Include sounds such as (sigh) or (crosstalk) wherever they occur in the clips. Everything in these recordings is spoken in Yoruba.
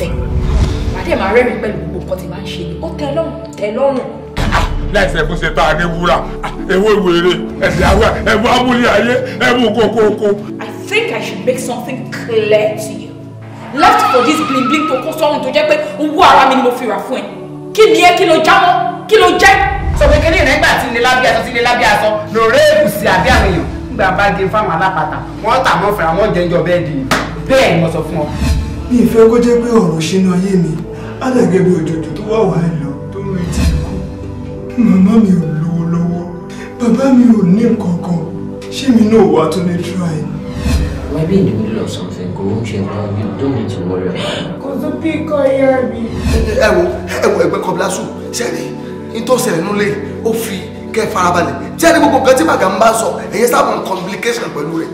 fẹ́ màá máa rẹ́rìn pẹ̀lú gbogbo nǹkan tí màá ń ṣe ni ó tẹ́ lọ́rùn tẹ́ lọ́rùn. láìsẹ̀ bó ṣe ta ní wúrà ewé ìwéré ẹ̀sìn àwẹ̀ ẹ̀bù amúlé ayé ẹ̀bù kókókó. I think I should make something clear to you left for this bling bling to kó sọ́run tó jẹ́ pé owó ara mi ni mo fi rà fún ẹ kí ni ẹ kí ló jámọ́ kí ló jẹ́. sọ pé kíní rẹ̀ nígbà tí ilé lábẹ́ aṣọ tí ilé lábẹ́ aṣọ lò réèkù sí àbí àwọn èèyàn nígbà bá gé fáwọn alápàtà wọ́n tà mọ́ fẹ́ra wọ́n jẹ́jọ́ bẹ́ẹ̀ di bẹ́ẹ̀ ni mo sọ fún ọ mi ìfẹ́ kó jẹ́ pé ọ̀rọ̀ ṣínú ayé mi alàgẹ́ òjòjò tó wà wà lọ tó ń retí ikú màmá mi ò lówó lọ́wọ́ bàbá mi ò ní nǹkan kan ṣé mi náà wà tó lè try. Maybe in the middle of something, go home, change now. You don't need to worry about it. Kò tún bí kò yẹ mi. Ẹ wo ẹ wo ẹgbẹ́ kọ́bílá sùn, sẹ́ni, ìtọ́sẹ̀lẹ̀ nulẹ̀, ó fi kẹ́ farabalẹ̀. Tí gbogbo nǹkan màgà ń bá sọ, ẹ̀yẹ sábà ń complication pẹ̀lú rẹ̀.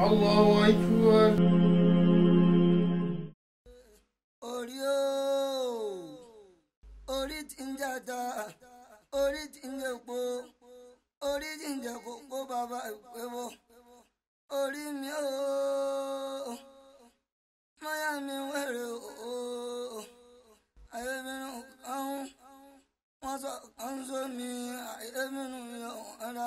Allahu Akbar. orí o orí ti ń jata orí ti ń jẹpo orí ti ń jẹko kó bàbá ìpéwọ́ orí mi o mọ́yá mi wẹ̀rẹ̀ o ayé mi nù kàn wọ́n sọ kàn sọ mi ayé mi nù yọ̀ ọ́n.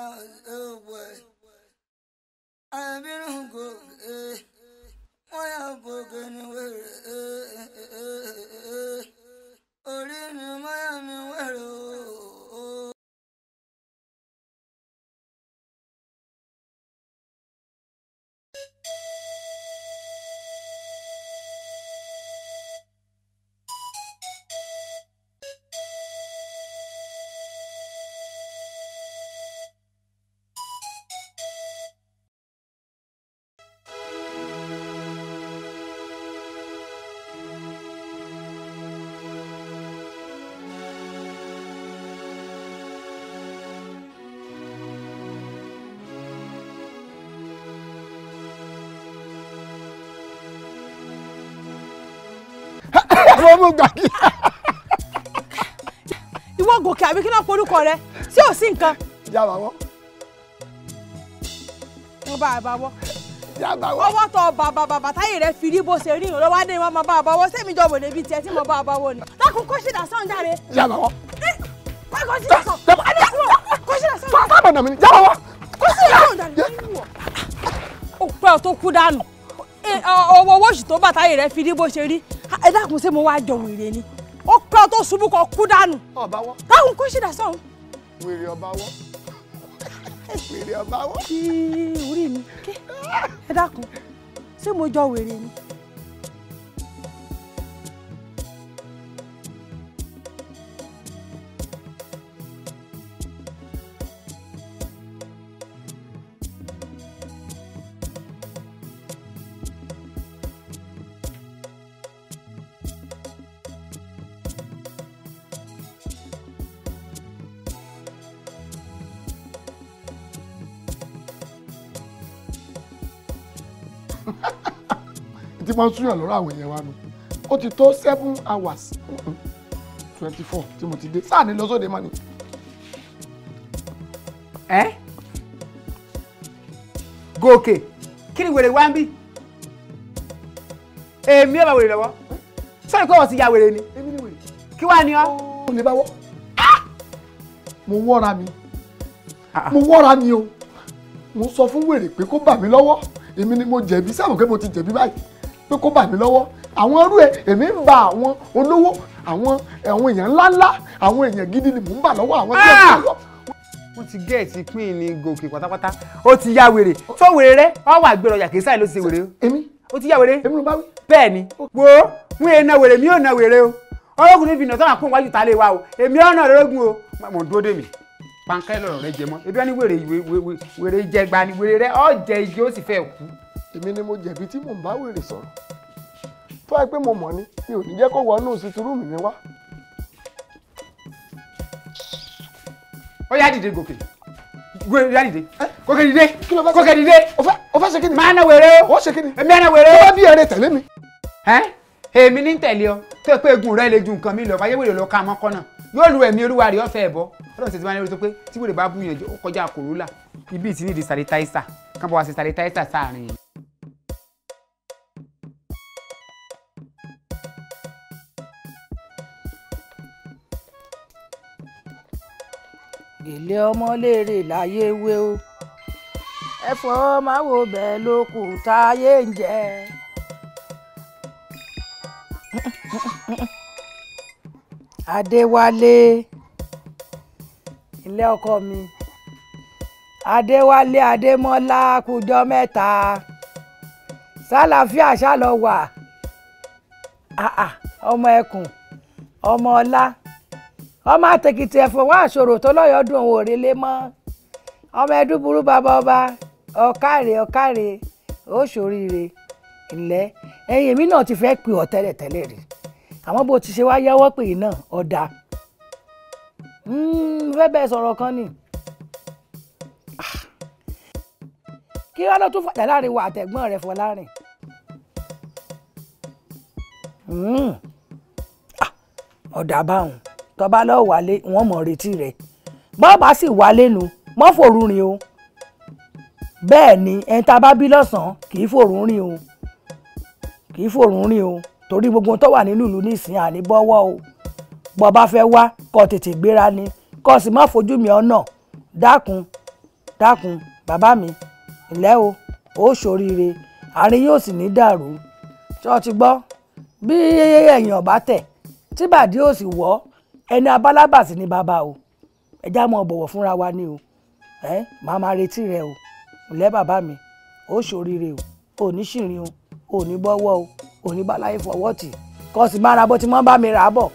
lọ́wọ́ mo gbà kí. ìwọ gòkè àbí kí náà porúkọ rẹ tí ò sí nǹkan. yà bá wọ. mo bá a bá wọ. yà bá wọ. ọwọ́ tọ bàbà bàbà táyé rẹ fi rí bó ṣe rí ìrànlọ́wọ́ adé wọn máa bá a bá wọ sẹ́mi jọ wòlé bíi tiẹ̀ tí mo bá a bá wọ ni. lákùn kó ṣìdá sàn jáde. yà bá wọ. kó ṣìdá sàn. kó ṣìdá sàn. fáfáàbọ̀ nà mí ni yà bá wọ. kó ṣìdá sàn jáde. ó pẹ́ ọ tó kú dànù owó oṣù dákun ṣé mo wá jọ wèrè ni ó pẹ́ tó ṣubú kọ kú dànù. ọba wọ. táwọn kò ṣì dà sọ̀hún. wèrè ọba wọ wèrè ọba wọ. kí orí mi ké ẹ dákun ṣé mo jọ wèrè ni. máa ń súyàn lọ́rọ̀ àwọn èèyàn wa nù ó ti tó seven hours twenty four tí mo ti dé sáà ní lọ́sọ̀dẹ̀ mọ́ni. ẹ gòkè kí ni wèrè wá ń bí èmi ẹ̀ wèrè lọ́wọ́ sọ́ni pé wọ́n ti ya wèrè ni kí wàá ní ọ́. ó lè bá wọ́ ah! mo wọ́ra mi mo wọ́ra mi o mo sọ fún wèrè pé kó bà mí lọ́wọ́ èmi ni mo jẹ̀bi sáà mọ̀ mo ti jẹ̀bi báyìí pé kó bà mí lọ́wọ́ àwọn irú ẹ èmi ń ba àwọn olówó àwọn àwọn èèyàn ńláńlá àwọn èèyàn gidi ni mò ń bà lọ́wọ́ àwọn tí wọ́n ah! lọ. wọ́n ti géètì pín ní gòkè pátápátá ó ti ya wèrè tó wèrè rẹ ọ wà gbèrò yàkè sáì ló ti wèrè o. èmi ó ti ya wèrè. èmi ló bá wí. bẹ́ẹ̀ ni wo n yẹn na wèrè mi ò na wèrè o ọlọ́gùn ní fìnnà tó wà kó wájú ta lè wa o èmi ọ̀nà ọ̀rẹ́gùn o mọ̀ ń dúró dé mi pankẹ́ lọ̀rọ̀ rẹ jẹ mọ́ ebi wọn ni wèrè wèrè jẹgba ni wèrè rẹ ọ jẹ igi ó sì fẹ́ kú. èmi ni mo jẹ̀bi tí mò ń bá wèrè sọ̀rọ̀ tó wáyé pé mo mọ̀ ni mi ò ní jẹ́ kó wọnú situru mi mi wá. ó yá dìde gòkè wèrè yá dìde gòkè dìde gòkè dìde o fẹ́ ṣe kí ni. máa na wèrè o ó ṣe kí ni. èmi àna wèrè o. tó bá bí ẹrẹ tẹ̀lé mi. èmi ní tẹ̀lé ọ tó pé egun rẹ le ju nǹkan mi lọ fàyẹ̀wò lè lọ ká mọ́kọ́ náà yóò lu ẹ̀mí olúwa rẹ̀ ọ̀fẹ́ ẹ̀bọ ọlọ́run ṣe ti máa pé tí wèrè bá búyàn jọ kọjá kòrólà ibi ìtì nídìí sanitizer kán bọ̀ wá sí sanitizer sáàrin yẹn. ọmọ léèrè láyé wé o ẹ̀fọ́ máa wo bẹ́ẹ̀ ló kù táyé ń jẹ adéwálé ilé ọkọ mi adéwálé adémọ́lá kújọ mẹ́ta sálàáfíà ṣálọ wà ọmọ ẹkùn ọmọ ọlá ọmọ àtẹkìtì ẹ̀fọ́ wá àṣòro tó lọ́yọ̀ọ́dún òun òrèlé mọ́ ọmọ ẹdúburú bàbá ọba ọ̀kàrẹ̀ ọ̀kàrẹ̀ ó ṣoríire ilẹ̀ ẹ̀yìn èmi náà ti fẹ́ pè ọ́ tẹ́lẹ̀tẹ́lẹ̀ rí àwọn bó ti ṣe wá yẹ́wọ́ pè é náà ọ̀dà hmm, fẹ́ bẹ́ẹ̀ sọ̀rọ̀ kan ni kí wọ́n lọ tún fàjà láàrin wa àtẹ̀gbọ́n rẹ̀ Fọlárìn ọ̀dà hmm. ah, báwọn tọ́ba lọ́ọ́ wálé wọ́n mọ̀ retí rẹ̀ bọ́ọ̀bá sì wálé nu mọ́ fòrú rin o bẹ́ẹ̀ ni ẹni tá a bá bí lọ́sàn-án kì í fòrú rin o kì í fòrú rin o torí gbogbo tó wà nílùú ìlú nísìnyí àní bọ́wọ́ o bọ́ bá fẹ́ wá kọ́ tètè gbéra ni kọ́ sì má fojú mi ọ̀nà dákun dákun bàbá mi ìlẹ́ o ó ṣoríire àárín yóò sì ní dàrú ṣọ́ọ̀tì gbọ́ bí ẹ̀yìn ọ̀bá tẹ̀ tí bàdí ò sì wọ́ ẹni abálábà sì ni bàbá o ẹjá mọ bọ̀wọ̀ fúnra wa ni o ẹ màá máa retí rẹ o ìlẹ́ bàbá mi ó ṣoríire o ò ní ṣìrìn o ò ní bọ́wọ́ o òní bá láyé fọwọ́ tì kọ́ sì máa ra bó ti mọ́ bá mi rà á bọ̀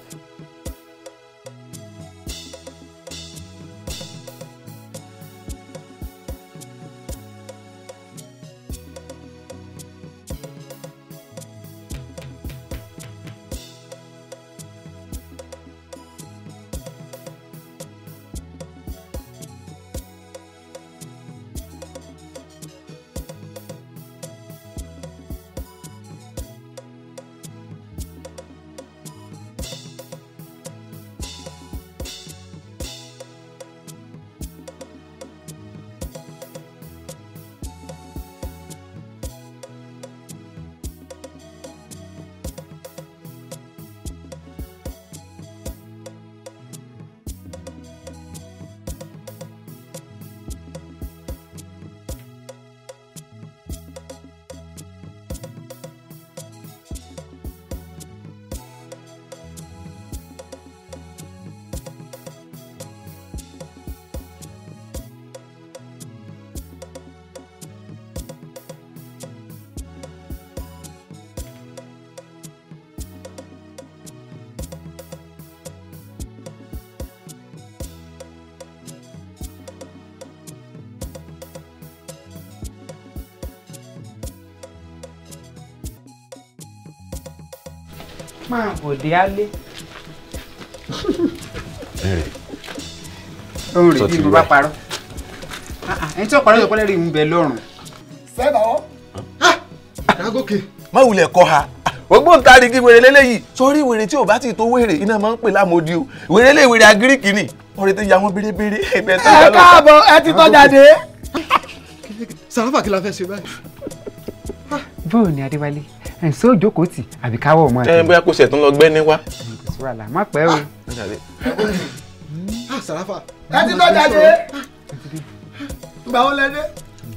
òde alé. ohun rèé bí mo bá parọ́ ẹni tí ọ̀pọ̀ lọ́jọ́ pẹ́lẹ́ rí mi bẹ̀ lọ́rùn. sẹ́ẹ̀bà wọ́ àgókè. má wulẹ̀ kọ́ ha ògbóǹtarìgì wèrè lélẹ́yìí sọrí wèrè tí ò bá ti tó wèrè iná máa ń pè lámòdì o wèrè lè wèrè agíríkì ni ọ̀rẹ́ tó ya wọn bérebére ẹgbẹ́ tó yà lọ́ta. ẹ káàbọ̀ ẹ ti tọ́ jáde. sàràfà kí la fẹ́ ṣe báyìí. bóò ni adéwálé ẹ̀ ṣé òjókòó tì àbí káwọ́ ọmọ ẹ̀. ẹ bóyá kò ṣẹ̀tún lọ gbẹ́ ní wá. kò sí wàhálà má pẹ́ o. Ah, sàràfà ẹ ti lọ́jà dé gbà ó lẹ́dẹ́.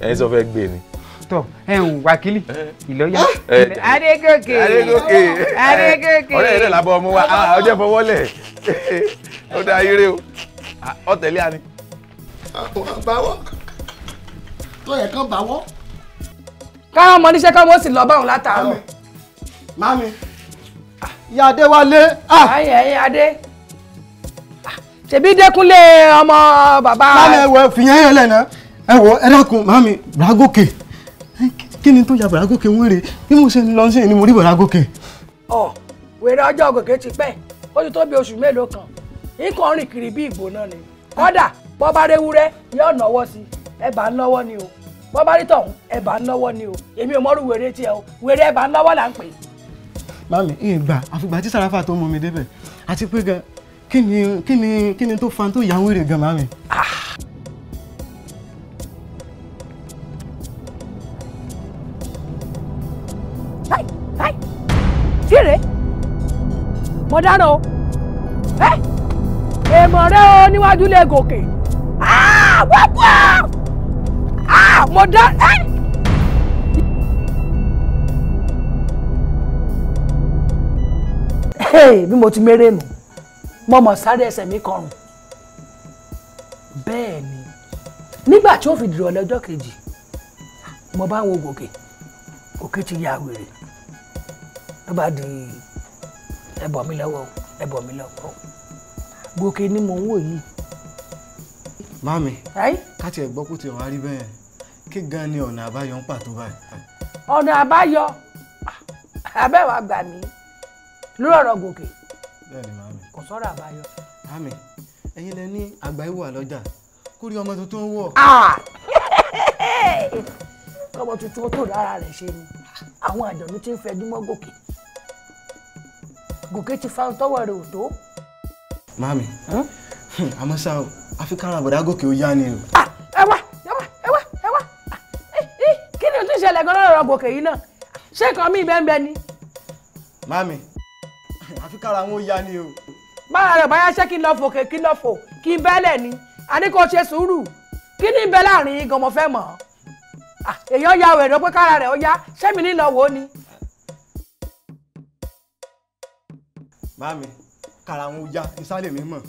ẹ̀yin sọ fẹ́ gbé ni. tọ ẹ ń wákìlì ìlọ́yà. Ah! adégòkè adégòkè adégòkè. ọ̀rẹ́ rẹ̀ làbọ̀ ọmọ wa ah, ọjọ́ fọwọ́lẹ̀ ó dá ire o ọ̀tẹ̀lẹ́ àní. àwọn àbáwọ̀ tó yẹ kán báwọ̀ káwọn ọmọ oníṣẹ́ káwọn ó sì lọ báwọn látàárọ̀. mami ìyá ah. adé wálé. ayé ah, ẹyin adé ṣèbí dẹkúnlé ọmọ bàbá. mami ẹ wọ fìyàn yẹn lẹ́nà ẹ wọ ẹ dákun mami Bàrágòkè kí ni tó ya Bàrágòkè wéèrè bí mo ṣe lọ sí ni mo rí Bàrágòkè. ọ wèrè ọjọ́ gòkè ti pẹ́ ó ti tó bí oṣù mélòó kan nǹkan rìn kiri bí ìgbóná ni kódà bọ́ bá réwúrẹ́ yóò náwó sí ẹ bá ń lọ́wọ́ ni o bọ́ bá rí tọ̀hún ẹ̀bà ń lọ́wọ́ ni o èmi ò mọ́rù wèrè tiẹ̀ o wèrè ẹ̀bà ń lọ́wọ́ là ń pè. mami ìyẹn gbà àfìgbà tí sàràfà tó mú mi débẹ̀ àti pé gan kí ni kí ni kí ni tó fa tó yà ń wèrè gan mami. Ah. kíre mo dáná o èèmọ̀ rẹ o níwájú lè gòkè ah, wọ́pọ̀. Ah, mo dá. bí mo ti mérè nù mo mọ̀ sáré ẹsẹ̀ mi kọrùn bẹ́ẹ̀ ni nígbà tí ó fi dìrọ̀lẹ́ ọjọ́ kejì mo bá wo gòkè gòkè ti ya wèrè ló bá di ẹbọ mi lọ́wọ́ ẹbọ mi lọ́wọ́ gòkè ni mò ń wò yìí. mami ká tiẹ̀ gbọ́ kó tiẹ̀ wá rí bẹ́ẹ̀ kí gan ni ọ̀nà àbáyọ ń pàtó báyìí. ọ̀nà àbáyọ ah, abẹ́wà gbà mí lórí ọ̀rọ̀ gòkè kò sọ̀rọ̀ àbáyọ. mami ẹ̀yin lẹ ní àgbà ìwà lọ́jà kó rí ọmọ tuntun wọ̀. Ah, (laughs) ọmọ tuntun tó dára rẹ̀ ṣe ni àwọn àjọ̀lú ti ń fẹjú mọ́ gòkè gòkè ti fa tọ́wọ́ rẹ̀ ò tó. mami àmọ́ ṣá o àfi kára àbọ̀dá gòkè ó yá ni o. Ah, ẹ wá ṣẹlẹ̀ gan lọ́rọ̀ gòkè yìí náà ṣé nǹkan míì bẹ́ẹ̀ ni. mami àfi kára wọn ó yá ni o. bára rẹ̀ báyá ṣé kí n lọ fò kí n lọ fò kí n bẹ́lẹ̀ ni àní kò ṣe sùúrù kí ni bẹ láàrin yín gan mo fẹ́ mọ̀ èèyàn ah, ya wẹ̀rọ pé kára rẹ̀ ó yá ṣé mi ní lọ wò ó ni. mami kara wọn ya ìsàlẹ̀ mi mọ̀.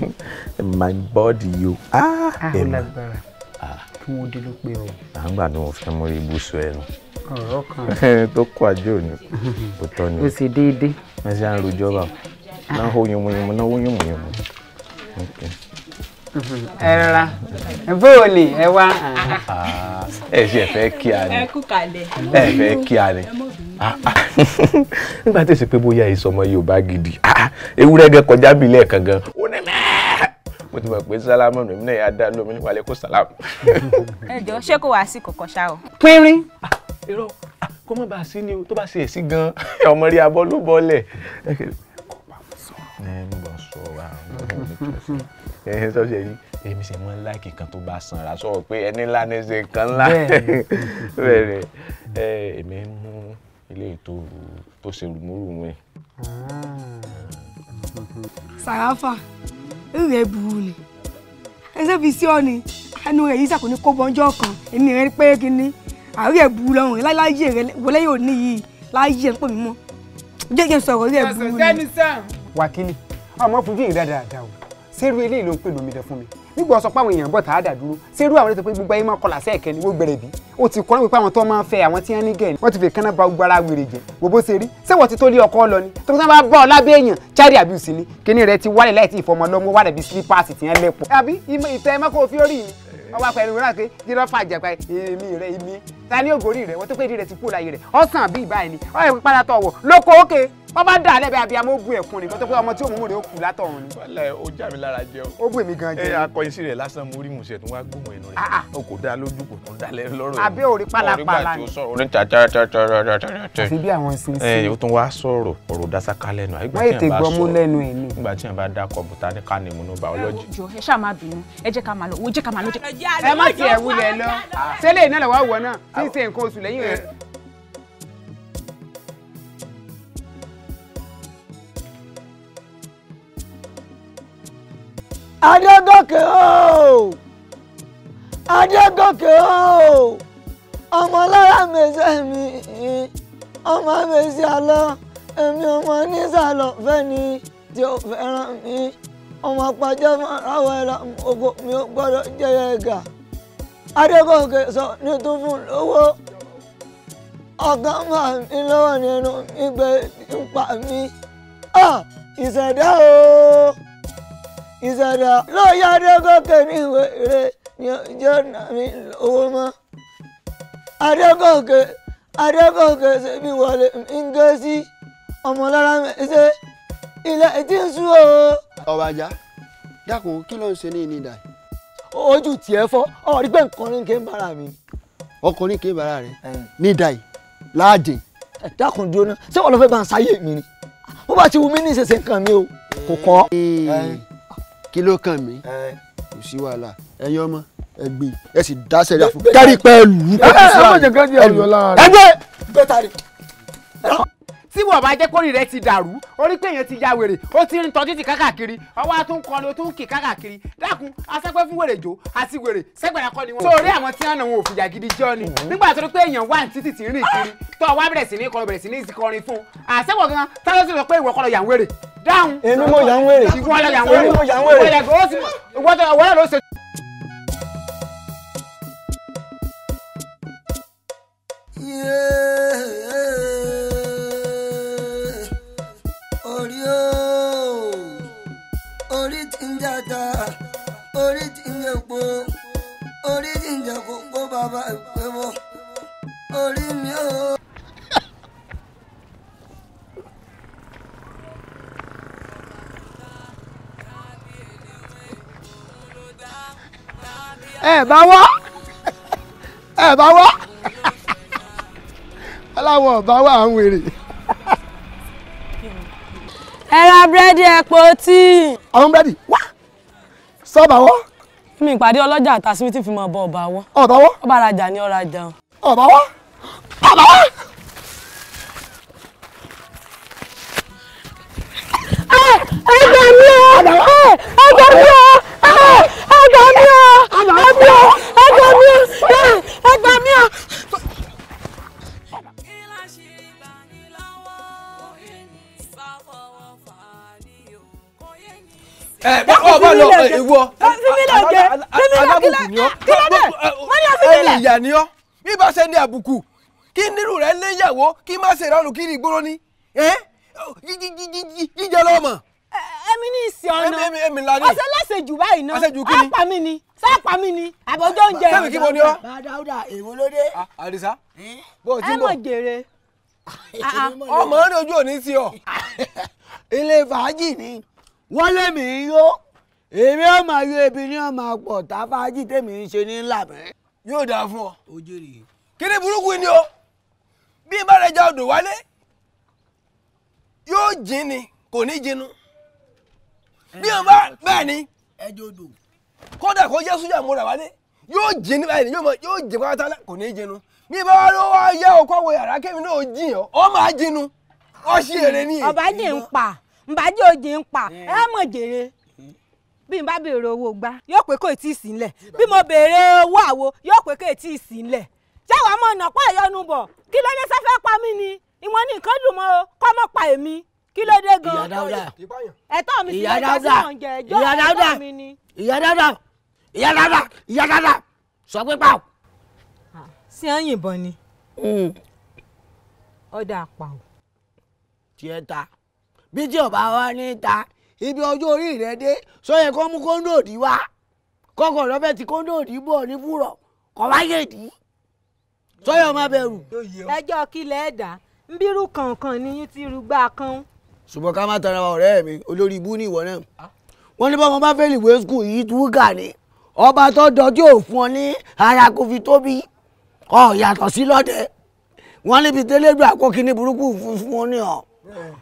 (laughs) my body you. ah ẹ̀ ah, fún odi ló pé o. à ń gbà ní mo fẹ́ mú ibú sọ ẹnu. ọ̀rọ̀ kan. (laughs) tó kọ àjò ni kò tọ́ ni. o sì déédéé. wọ́n ṣe à ń rojọ́ bá náà hó yomoyomo náà hó yomoyomo. (laughs) ẹ bóò ni ẹ wá. (laughs) ẹ ṣe ẹ fẹ́ kí a ni ẹ fẹ́ kí a ni nígbà tí ó ṣe pé bóyá ìsọmọ Yorùbá gidi ewúrẹ́ gẹ kọjá bí lẹ́ẹ̀kan gan mọ̀ pé sálámù mi náà yà dá lómi nípa lẹ́kọ̀ọ́ sálámù. (laughs) ẹ jọ ṣé kò wá sí kọ̀kọ̀ ṣá o. pínrín ah, irọ́ kó má bàa sí ni o tó bá ṣe èsì gan (laughs) ọmọ rí abọ́ ló bọ́lẹ̀. ẹ ń bọ̀ sọ̀rọ̀ àwọn ọmọ mi ẹ (laughs) ẹ sọ ṣe yí èmi sì mọ láìkì kan tó bá sanra sọ pé ẹni ńlá ní ṣe kan ńlá bẹ́ẹ̀ ẹ èmi ń mú ilé ètò tó ṣe rùmúrùmú ẹ. Mm. sàràfà irú rẹ burú ni ẹsẹ fi sí ọ ni ẹnu rẹ yìí sàkóní kó bọjọ kan èmi rẹ pé kí ni àárú rẹ lọrùn rẹ láyé rẹ wọlé yóò ní yìí láyé rẹ pò mí mọ jẹjẹ sọ̀rọ̀ rẹ burú ni. wákìlì ọmọ fojú yìí dáadáa o ṣé irú eléyìí ló ń pè lómi dẹ fún mi nígbà ọsọ pé àwọn èèyàn bọ̀ tá a dà dúró ṣé irú àwọn ètò pé gbogbo ayé máa kọlà sí ẹ̀kẹ́ ni wọ́n gbẹ̀rẹ̀ bí ó ti kọ́ wípé àwọn tó máa ń fẹ́ àwọn tí wọ́n ní gẹ̀ẹ́ni wọ́n ti fi kánná ba gbogbo ara wèrè jẹ́ gbogbo ṣe rí ṣé wọ́n ti tó lé ọkọ lọ ni tó tán bá bá ọ lábẹ́ èèyàn child abuse ni kíní rẹ ti wálẹ̀ láì tí ìfọmọ lọ́mọ wálẹ̀ bí slippers ti yẹn lẹ́pọ̀. àbí ìtẹ́ mọ́kò fi orí mi ọwọ́ apẹ̀rẹ̀ wúrà pé jírọ́ fàjà pa èmi rẹ èmi ta ni ògòrí rẹ wọ́n tó pé èdè rẹ ti kú láyé rẹ̀ ọ̀sán àbí ìbáyìí ni ọ̀rẹ́ pípadà tọ̀wọ̀ lóko ókè wọ́n bá dà lẹ́bẹ̀ẹ́ àbí amó bu ẹ̀kún ni kó tó pé ọmọ tí òun rè ó kù látọ̀run ni. wàlẹ̀ o já mi lára jẹ o. ó bù èmi gan jẹ. ẹ akọyin sí rẹ lásán mo rí musẹ tó wá gbóhùn ẹnu rẹ ah, ah. o kò dá lójú kò tún dálẹ lọ́rọ̀ yìí. àbí orí pálapàla ni. orí ta ta ta ta ta ta ta. àfi bí àwọn ṣe ń ṣe. ẹ o tún wá sọ̀rọ̀ ọ̀rọ̀ dásáká lẹ́nu. wọ́n tí yàn bá dákọ̀ adégòkè o adégòkè o ọmọ lára mèsè mi ọmọ mèsè àlọ èmi ọmọ nísàlọ fẹni tí ó fẹ́ràn mi ọmọ pàjọ fọláwọ ẹlọ ògbó mi ò gbọ́dọ̀ jẹyẹ ẹgà adégòkè sọ ní tún fún lówó ọkàn máa mi lọ́wọ́ nínú mi gbé nípa mi ah! ìṣẹ̀dá o ìsọdọ̀ lóòyà adégòkè ní ìwé rẹ̀ ní ọjọ́ náà mi owó mọ́ adégòkè adégòkè ṣe mi wọlé ń gé sí ọmọlára ṣe ilẹ̀ tí ń sú o. ọba ajá dákun kí ló ń ṣe ní ìnidà yìí. ojú tiẹ̀ fọ́ ọ̀rí pé nǹkan ní kí n bára mi. ọkùnrin kì í bára rẹ̀ ní yìí láàdì. dákun dúró náà ṣé wọn lọ fẹ́ bá ń mi ni wọ́n bá ti wù mí ní ìṣẹ̀ṣẹ̀ nǹkan mi o kò kọ́ kí ló kàn mí kò sí wàhálà ẹ̀yin ọmọ ẹ gbé ẹ sì dáṣẹ ìyá fún kẹrí pẹ̀lú. ẹ ẹ ẹ ẹ ẹ ẹ ẹ ẹ tí wọ́n bá jẹ́ kórìí rẹ ti dàrú orí pé èèyàn ti ya wèrè ó ti ń tọ́ títì kákàkiri ọwọ́ a tún kọrin ó tún kì kákàkiri dákun asẹ́pẹ́ fún wèrè jò àti wèrè sẹ́gbẹ̀rẹ̀ kọ́ ni wọ́n. sórí àwọn tí wọ́n nà wọn ò fìyà gidi jọ ni nígbà tó rí pé èèyàn wà ní títì tí ń rìn kiri tó wá bẹ̀rẹ̀ sí ní kọrin bẹ̀rẹ̀ sí ní kọrin fún àṣẹ́wọ̀ gan táwọn sì sọ pé ìwọ kọ́ lọ yà ń wèrè dáhùn. èmi Yeah. bàtà orí ti ń jẹ po orí ti ń jẹ kókó bàbá ìpè wọ orí mi ò. ẹ bá wá ẹ bá wá aláwọ̀ bá wá àwọn wèrè. ẹ ra búrẹ́dì ẹ po àwọn búrẹ́dì wá sọ́ọ̀bà wọ́. mi ìpàdé ọlọ́jà àtàsíbí tí fi mọ ọba ọba wọ́. ọba wọ́. ọba arajà ni ọ̀rọ̀ àjà o. ọba wọ́. ọba wọ́. ẹgbẹ́ mi o ẹgbẹ́ mi o ẹgbẹ́ mi o ẹgbẹ́ mi o ẹgbẹ́ mi o. ẹ ọ bá lọ ìwọ alábùkù ni ọ ẹni eh, eh, eh, ìyà ni ọ bí bá ṣe ní àbùkù kí nírú rẹ léyàwó kí má ṣe ìrọ̀rùn kiri ìgboro ni jíjẹ lọ́mọ. èmi ní ìsìn ọ̀nà ọ̀sẹ̀ lọ́sẹ̀ jù báyìí náà àpá mi ni sápá mi ni àbọ̀jọ́ oúnjẹ rẹ̀. sẹ́mi kí mo ní ọ. dáúdà èwo ló dé. Ah, àdìsá bó o ti ń bọ̀. ẹ mọ̀ jèrè. (laughs) ọmọ rẹ ojú ò ní sí ọ (laughs) ilé fàájì ni. wọ́n mi yó èmi ọ̀ máa yọ ebi ní ọ̀ máa pọ̀ a tèmi ń ṣe ní ńlá yóò dáa fún ọ. ó ni burúkú ni o bí odò wálé ni kò ní jinnu bí bá bẹ́ẹ̀ ni kódà kó jẹ́ sójà wálé yóò jìn ní báyìí yóò jìn pátá kò ní jinnu bí n bá yẹ ọkọ wo ọ máa ọ èrè nbàjẹ́ òjì ń pa ẹ mọ̀ jèrè bí n bá béèrè owó gbá yóò pé kò tí ì sí nílẹ̀ bí mo béèrè owó àwo yóò pé kò tí ì sí nílẹ̀ ṣé wàá mọ̀ ọ̀nà pọ̀ ìyọnu bọ̀ kí ló dé sẹ́fẹ́ pa mí ni ìwọ̀n ní nǹkan dùn mọ́ o kọ́ mọ́ pa èmi kí ló dé gan. ìyá dáúdà ẹ̀tọ́ mi sí ẹ̀tọ́ sí ọ̀njẹ́ ẹjọ́ ẹ̀tọ́ mi ni. ìyá dáúdà ìyá dáúdà ìyá dáúdà sọ pé pa o. ṣé ẹ ni. ọ̀dà àpà o. ta bí tí ọba wa ní ta ibi ọjọ́ orí rẹ dé sọyẹ kó mú kóńdò òdì wá kọkọ lọ́fẹ̀ẹ́ tí kóńdò òdì bọ̀ ní fúrọ̀ kọ́ wáyé dì í sọyẹ ọmọ bẹ̀rù. ẹjọ́ kílẹ̀ ẹ̀dá ń kankan ni yín ti rúgbà kan. ṣùgbọ́n ká má tara wa ọ̀rẹ́ mi olórí ibú ní ìwọ náà wọ́n ní báwọn bá fẹ́ẹ́ lìwé skul yìí tú gà ní ọba tó dọjú òfin ọ ní ara kò fi tóbi ọ̀ yàtọ̀ sí lọ́dẹ wọ́n níbi tẹ́lẹ̀ gbà kó kíní burúkú fún fún ọ ní ọ̀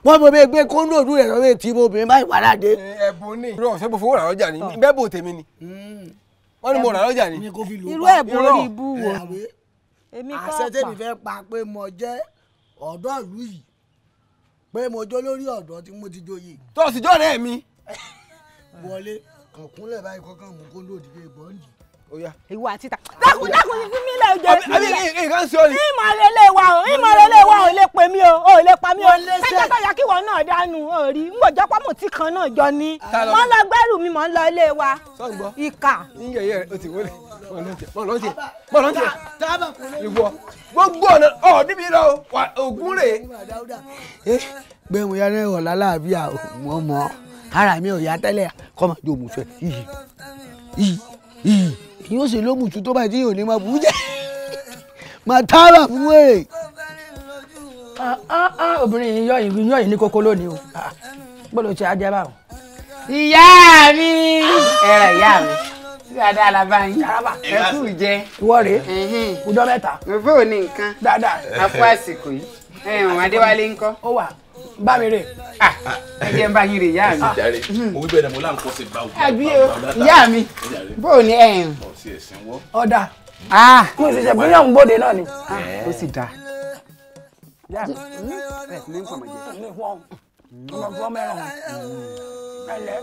wọ́n bọ̀ bẹ́ẹ̀ gbé kóńdò ojú rẹ̀ lọ́wọ́ ètí mo obìnrin báyìí wàhálà dé. ẹ̀bùn ni irú ọ̀sẹ̀ mo fowó rà lọ́jà ni hmm. bẹ́ẹ̀ bò tèmi ni hmm. wọ́n ní mo rà lọ́jà ni. irú ẹ̀bùn orí ibú wo. àṣẹ tèmi fẹ́ pa pé mo jẹ́ ọ̀dọ́ ìlú yìí pé mo jó lórí ọ̀dọ́ tí mo ti joyè. tó o mi. (laughs) wọlé kọ̀ọ̀kúnlẹ̀ báyìí kọ́kàn mú kóńdò òdìgbò ìbọn yìí ìwà àti ta dákun dákun fún mi lè jẹ fún mi lẹ ìmọ̀ rẹ lè wà o ìmọ̀ rẹ lè wà o lè pè mí o o lè pa mí o ṣẹ́jọ́ tó yẹ kí wọ́n náà dánú o rí n kò jẹ́ pọ́ mò tí kan náà jọ ni mọ́ lọ gbẹ́rù mi mọ́ lọ ilé wa ìkà. gbogbo ọ̀nà ọ̀ níbi lọ ògún rè é. gbẹ̀mú yára ẹ̀ wọ̀ lálàáfíà mọ́ mọ́ ara mi ò yá tẹ́lẹ̀ kọ́mọ jòmùsọ̀ yìí yìí yìí yóò ṣe lómùtú tó báyìí tí yóò ní máa bù ú jẹ máa tààrà fún wèrè. Ah, ah, ah, obìnrin yìí yọ ìwé yọ ìní kókó lónìí o gbọ́dọ̀ ṣe ajá báwọn. ìyá mi ẹ̀rọ ìyá mi dáadáa la bá yín ẹ kú jẹ. ìwọ rèé ọjọ́ mẹ́ta. òfò ní nǹkan àfọ àsìkò yìí ẹ̀wọ̀n adéwálé ńkọ́. ó wà bá mi rè ah, ah. ẹ jẹ́ n bá yín rè ìyá mi. Hmm. mo wí bẹ́ẹ̀ ni mo láǹkọ́ sí bá òkú àbí ìyá mi bóò ni ẹ̀yìn ọ̀dà mo sì ah. ṣe bóyá òun bóde náà ni. Eh. ó sì dáa. ìyá mi hmm? ẹ ní nǹkan mọ̀ jẹ́. Hmm, ní fún ọmọ fún ọmọ ẹran ẹlẹ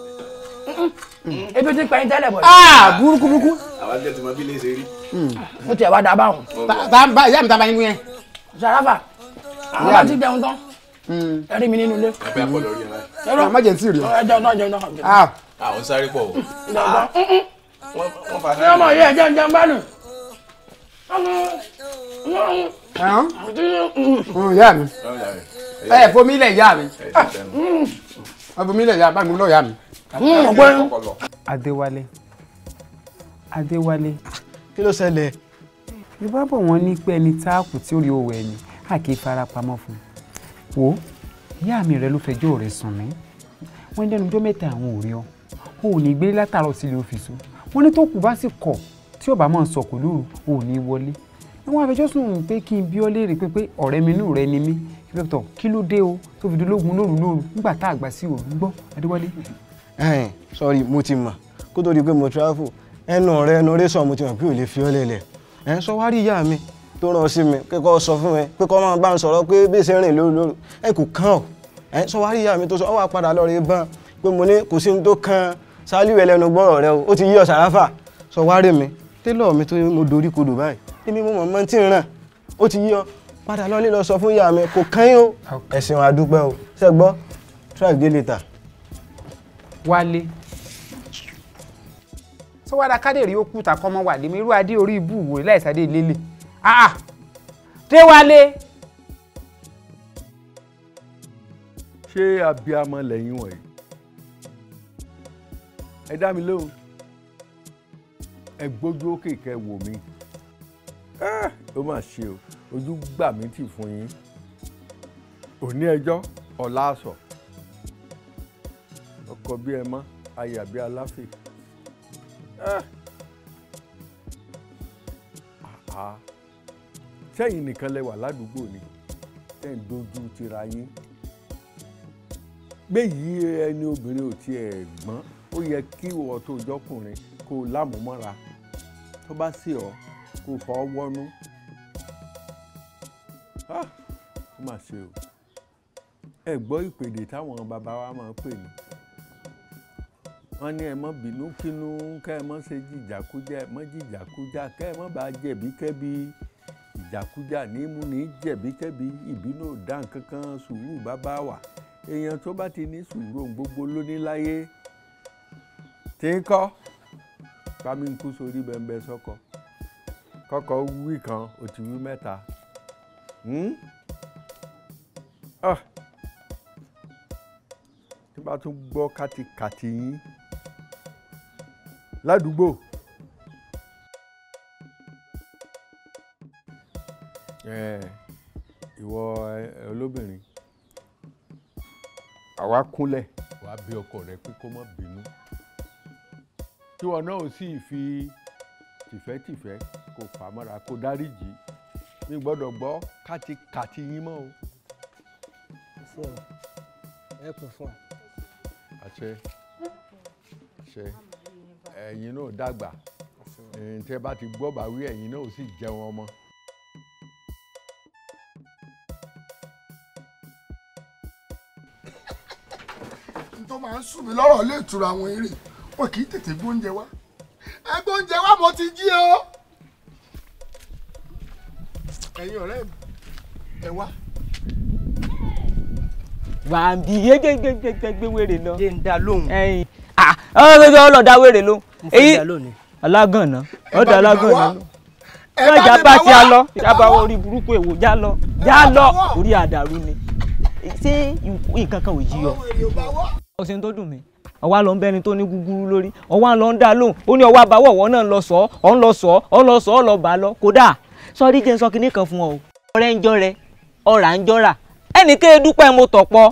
ebi tí ń pa yín tẹ́lẹ̀ bọ̀. burúkú burúkú. àwọn akẹ́kọ̀ọ́ ti mọ bí ilé ṣe rí. ó ti ẹ̀ wá dábàá hùn. bá bá ìyá mi ta bá yín gún yẹn. sàràfà àwọn bá ti jẹun tán ẹrí mi nínú ilé. ẹgbẹ́ àpọ̀ lórí ẹ̀ láì. Ah, má jẹ́ ntí rí o. ẹ jẹun náà jẹun náà. àwọn sáré pọ̀ o. Ah. wọ́n fà sáré. ọmọ yìí ẹ̀jẹ̀ ń jẹun bá nù. yá mi ẹ fomi ilẹ̀ yá mi ẹ fomi ilẹ̀ yá mm. bá mi lọ yá mi. Mm, Adéwálé Adéwálé. kí ló ṣẹlẹ̀. Yorùbá bọ̀ wọ́n ní pé ẹni táàpù tí ó rí owó ẹni a kì í fara pamọ́ fún un wo ìyá mi rẹ ló fẹjọ́ rẹ sùn mí wọ́n ní lẹ́nu ọjọ́ mẹ́ta àwọn ò rí ọ o ò ní gbé látàárọ̀ sílé ọ́fíìsì wọ́n ní tó kù bá sì kọ̀ tí ò bá máa sọ̀kò lóru o ò ní wọlé àwọn àfẹjọ́sùn pé kí n bí ọ léèrè pé pé ọ̀rẹ́ mi inú rẹ ni mí pẹ̀tọ̀ kí ló dé o tó fi dológun lóru lóru nígbà tá àgbà sí òru gbọ́ adéwálé. sọ́ọ̀rì mo ti mọ̀ kó tó di pé mo travel ẹnu ọ̀rẹ́ ẹnu rẹ́sọ̀ mo ti mọ̀ pé ò lè fi ọ́ lẹ̀lẹ̀ ẹ̀ sọ wá rí ìyá mi tó ràn sí mi pé kó sọ fún mi pé kó máa bá ń sọ̀rọ̀ pé bí ṣe rìn lóru lóru ẹ kò kàn ọ́ ẹ sọ wá rí ìyá mi tó sọ ọ wà padà lọ rí bán pé mo ní kò sí ní tó kan sálíwẹ̀ ẹlẹ́nu gbọ́rọ̀ rẹ o ó ti yí ọ sàráfà sọ wá rí mi télọ̀ mi tó mo dorí kodò báyìí èmi mo mọ̀ mọ́ tí ń ràn ó ti yí ọ padà lọ́lé lọ sọ fún ìyá mi kò kán yín o ẹ̀sìn wa dúpẹ́ o ṣe gbọ́ twelve day later. wálé sọ wàdà kádèrè ó kú tàkọ́mọ́ wà lé mi irú adé orí ibú wò láìsàdé lélẹ̀ ah Déwálé. Ah. ṣé abiyamọ lẹ́yìn wọ̀nyí ẹ dá mi lóhùn ẹ gbójú òkè kẹ wò mí ah, ó mà ṣe o ojú gbà mí tì fún yín òní ẹjọ́ ọ̀la àṣọ ọkọ bí ẹ mọ́ ayà bí aláfẹ. Ah. Ah. ah sẹ́yìn nìkan lẹ wà ládùúgbò ni tẹ́ ń dojú tira yín gbéyìí ẹni obìnrin ò tiẹ̀ gbọ́n ó yẹ kí wọ́n tó jọkùnrin kó o lámùmọ́ra tó bá sì ọ́ kó o fọ́ wọ́nú ó mà ṣe o ẹ gbọ́ ìpèdè táwọn bàbá wa máa pè ní wọ́n ní ẹ mọ́ bínú kínú kẹ́ ẹ mọ́ ṣe jìjàkújà ẹ mọ́ jìjàkújà kẹ́ ẹ mọ́ bá jẹ̀bi kẹ́bi ìjàkújà ní mú ní jẹ̀bíkẹ́bi ìbínú dá nǹkan kan sùúrù bàbá wa èèyàn tó bá ti ní sùúrù gbogbo lóní láyé tí ń kọ́ pàmí ń kú sórí bẹ́ńbẹ́ sọ́kọ kọ́kọ́ wí kan ó ti wí mẹ́ta hmm? ah! tí bá tún gbọ́ kátikàti yín ládùúgbò ìwọ olóbìnrin àwa kúnlẹ̀ wà á bí ọkọ rẹ pé kó má bínú tí wọn náà sì fi tìfẹ́tìfẹ́ kò fàmọ́ra kò dáríjì mi gbọ́dọ̀ gbọ́ kátikàti yín mọ́ o. fún ọ ẹ kún fún ọ. àṣẹ àṣẹ ẹ̀yin náà dàgbà tẹ́ bá ti gbọ́ bàwí ẹ̀yin náà ò sì jẹun ọmọ. máa ń sùn mí lọ́rọ̀ ilé ìtura àwọn eré wọn kì í tètè gbóúnjẹ wá ẹgbóúnjẹ wá mo ti jí o ẹ̀yin ọ̀rẹ́ ẹ wá. wàǹbì yégegegegbé wèrè lọ. jẹ́ ń da lóhùn. ẹyin ah ọlọ́dọ̀ ọlọ́dà wèrè ló. mo alágànná ọ̀dà alágànná ló kájà bá ti a lọ jábà orí burúkú èwo já lọ já lọ orí àdàrú ni ṣé nǹkan kan ò yí ọ ọ̀sẹ̀ tó dùn mí ọwọ́ àlọ́ ń bẹ́ni tó ní gúgúrú lórí ọwọ́ àlọ́ ń dá lóhùn ó ní ọwọ́ àbáwọ̀ ọ̀wọ́ náà lọ sọ ọ́ ń lọ sọ ọ́ lọ sọ ọ́ lọ bá lọ kódà sọ́ọ́dí jẹ́ sọ kinní kan fún ọ o. ọ̀rẹ́ ń jọrẹ ọ̀rà ń jọrà ẹnì kéé e dúpẹ́ mo tọ̀ pọ̀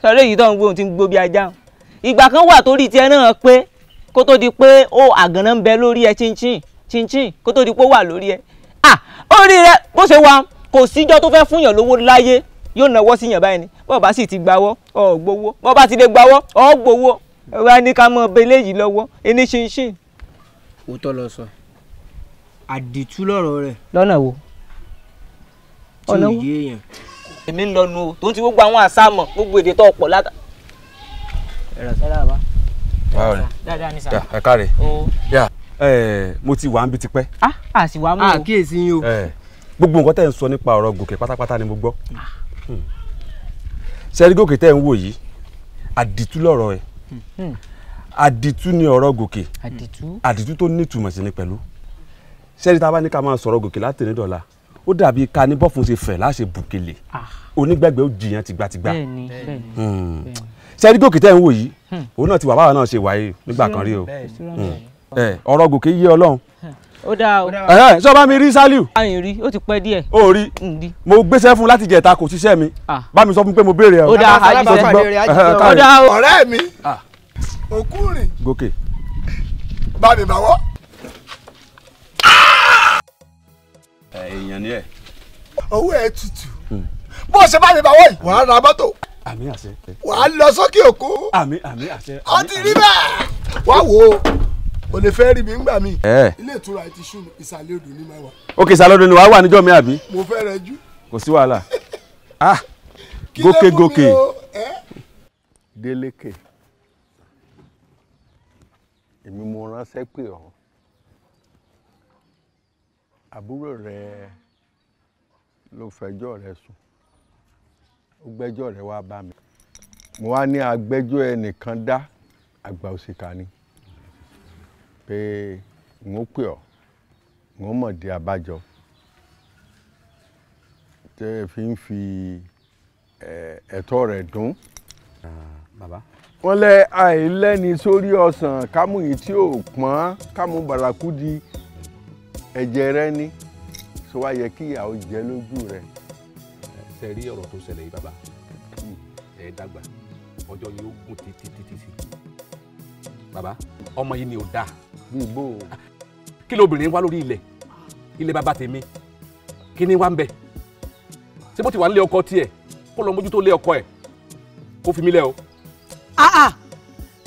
sọ́ọ́dí èyí tó ń gbóhùn ti ń gbó bí ajá o. ìgbà kan wà torí tiẹ̀ náà pé kó tó di pé ó àgànná ń bẹ lórí ẹ chinchin chinchin kó tó di pé ó wà lórí ẹ. ah orí rẹ bó ṣe wà kò síjọ́ yóò náwó síyàn báyìí ni bọ́ọ̀ bá sì ti gbawọ́ ọ̀ gbowó bọ́ọ̀ bá ti lè gbawọ́ ọ̀ gbowó wa ní ká mọ ọbẹ̀ eléyìí lọ́wọ́ ẹni ṣinṣin. òótọ́ lọ sọ àdìtú lọ́rọ̀ rẹ̀. lọ́nà wo. ọ̀nà wo tí ò yé èèyàn. èmi ń lọnu o tó ń ti gbogbo àwọn àsámọ̀ gbogbo èdè tó pọ̀ látà. ẹ rà sá dára bá. báwo ni dáadáa ni sá. ẹ káre. yà mo ti wà ń bi tipẹ́. Ah, a sì wà á mú o. àkíyèsí yín o. gbogbo nǹkan tẹ̀ ń sọ nípa ọ̀rọ̀ gòkè pátápátá ni mo gbọ́. Ah sẹ́rí gòkè tẹ́ ń wò yìí àdìtú lọ̀rọ̀ ẹ̀ hmm. àdìtú ni ọ̀rọ̀ gòkè àdìtú tó nítumọ̀ sí ni pẹ̀lú sẹ́rí tá a bá ní ká máa sọ̀rọ̀ gòkè láti ní dọ̀la ó dàbí ká ní bọ́fun ṣe fẹ̀ láṣẹ bùkélé ah. onígbẹ̀gbẹ̀ ó jiyàn tìgbàtìgbà sẹ́rí hmm. gòkè tẹ́ ń wò yìí hmm. òun náà ti wà báwa náà ṣe wáyé nígbà kan rí o eh, ọ̀rọ̀ gòkè yé ọlọ́run ó dáa o. ẹ ẹ sọ bá mi rí Sálíù. ayin rí ó ti pẹ́ díẹ̀. ó rí mo gbéṣẹ́ fún láti jẹ̀ta kò ṣiṣẹ́ mi bá mi sọ fún pé mo béèrè ẹ. ó dáa àjíṣẹ́ ó dáa o. ọ̀rẹ́ mi òkúrin. gòkè. bá mi bàwọ́. èèyàn ni ẹ. owó ẹ tutù hmm. bó ṣe bá mi bàwọ́ yìí wàá ra mọ́tò. àmì àṣẹ. wàá lọ sókè òkú. àmì àmì àṣẹ. ó rí bẹ́ẹ̀ wá wò ò lè fẹ́ rí mi ńgbà mi. ilé ìtura ti ṣú mi ìsàlẹ̀ odò ni máa wà. ok ìsàlẹ̀ odò ni wàá wà níjọ́ mi àbí. mo fẹ́ rẹ jú. kò sí wàhálà (laughs) ah gòkè gòkè délékè èmi mo ránṣẹ́ pè ọ́ àbúrò rẹ ló fẹjọ́ rẹ sùn ó gbẹ́jọ́ rẹ wá bá mi mo wá ní agbẹ́jọ́ ẹnìkan dá àgbà òṣìkà ni pé n ó pè ọ́ n ó mọ̀ dé abájọ tẹ́ ẹ fi ń fi ẹ̀tọ́ rẹ̀ dùn. bàbá. wọ́n lẹ àìlẹ́ni sórí ọ̀sán kámú yìí tí ò pọ́n kámú bàràkú di ẹ̀jẹ̀ rẹ ni sọ wá yẹ kí ìyàwó jẹ lójú rẹ. ṣe rí ọ̀rọ̀ tó ṣẹlẹ̀ yìí bàbá hmm. ẹ dàgbà ọjọ́ yìí ó gùn títí títí sí i. Baba, ọmọ yìí ni ò dáa. bíi bó o. kí lóbìnrin wá lórí ilẹ̀ ilé bàbá tèmi kí ni wá ń bẹ̀ ṣé bó ti wà nílé ọkọ tiẹ̀ kó lọ mójútó lé ọkọ ẹ̀ kó fi mí lẹ̀ o. àà ah, ah.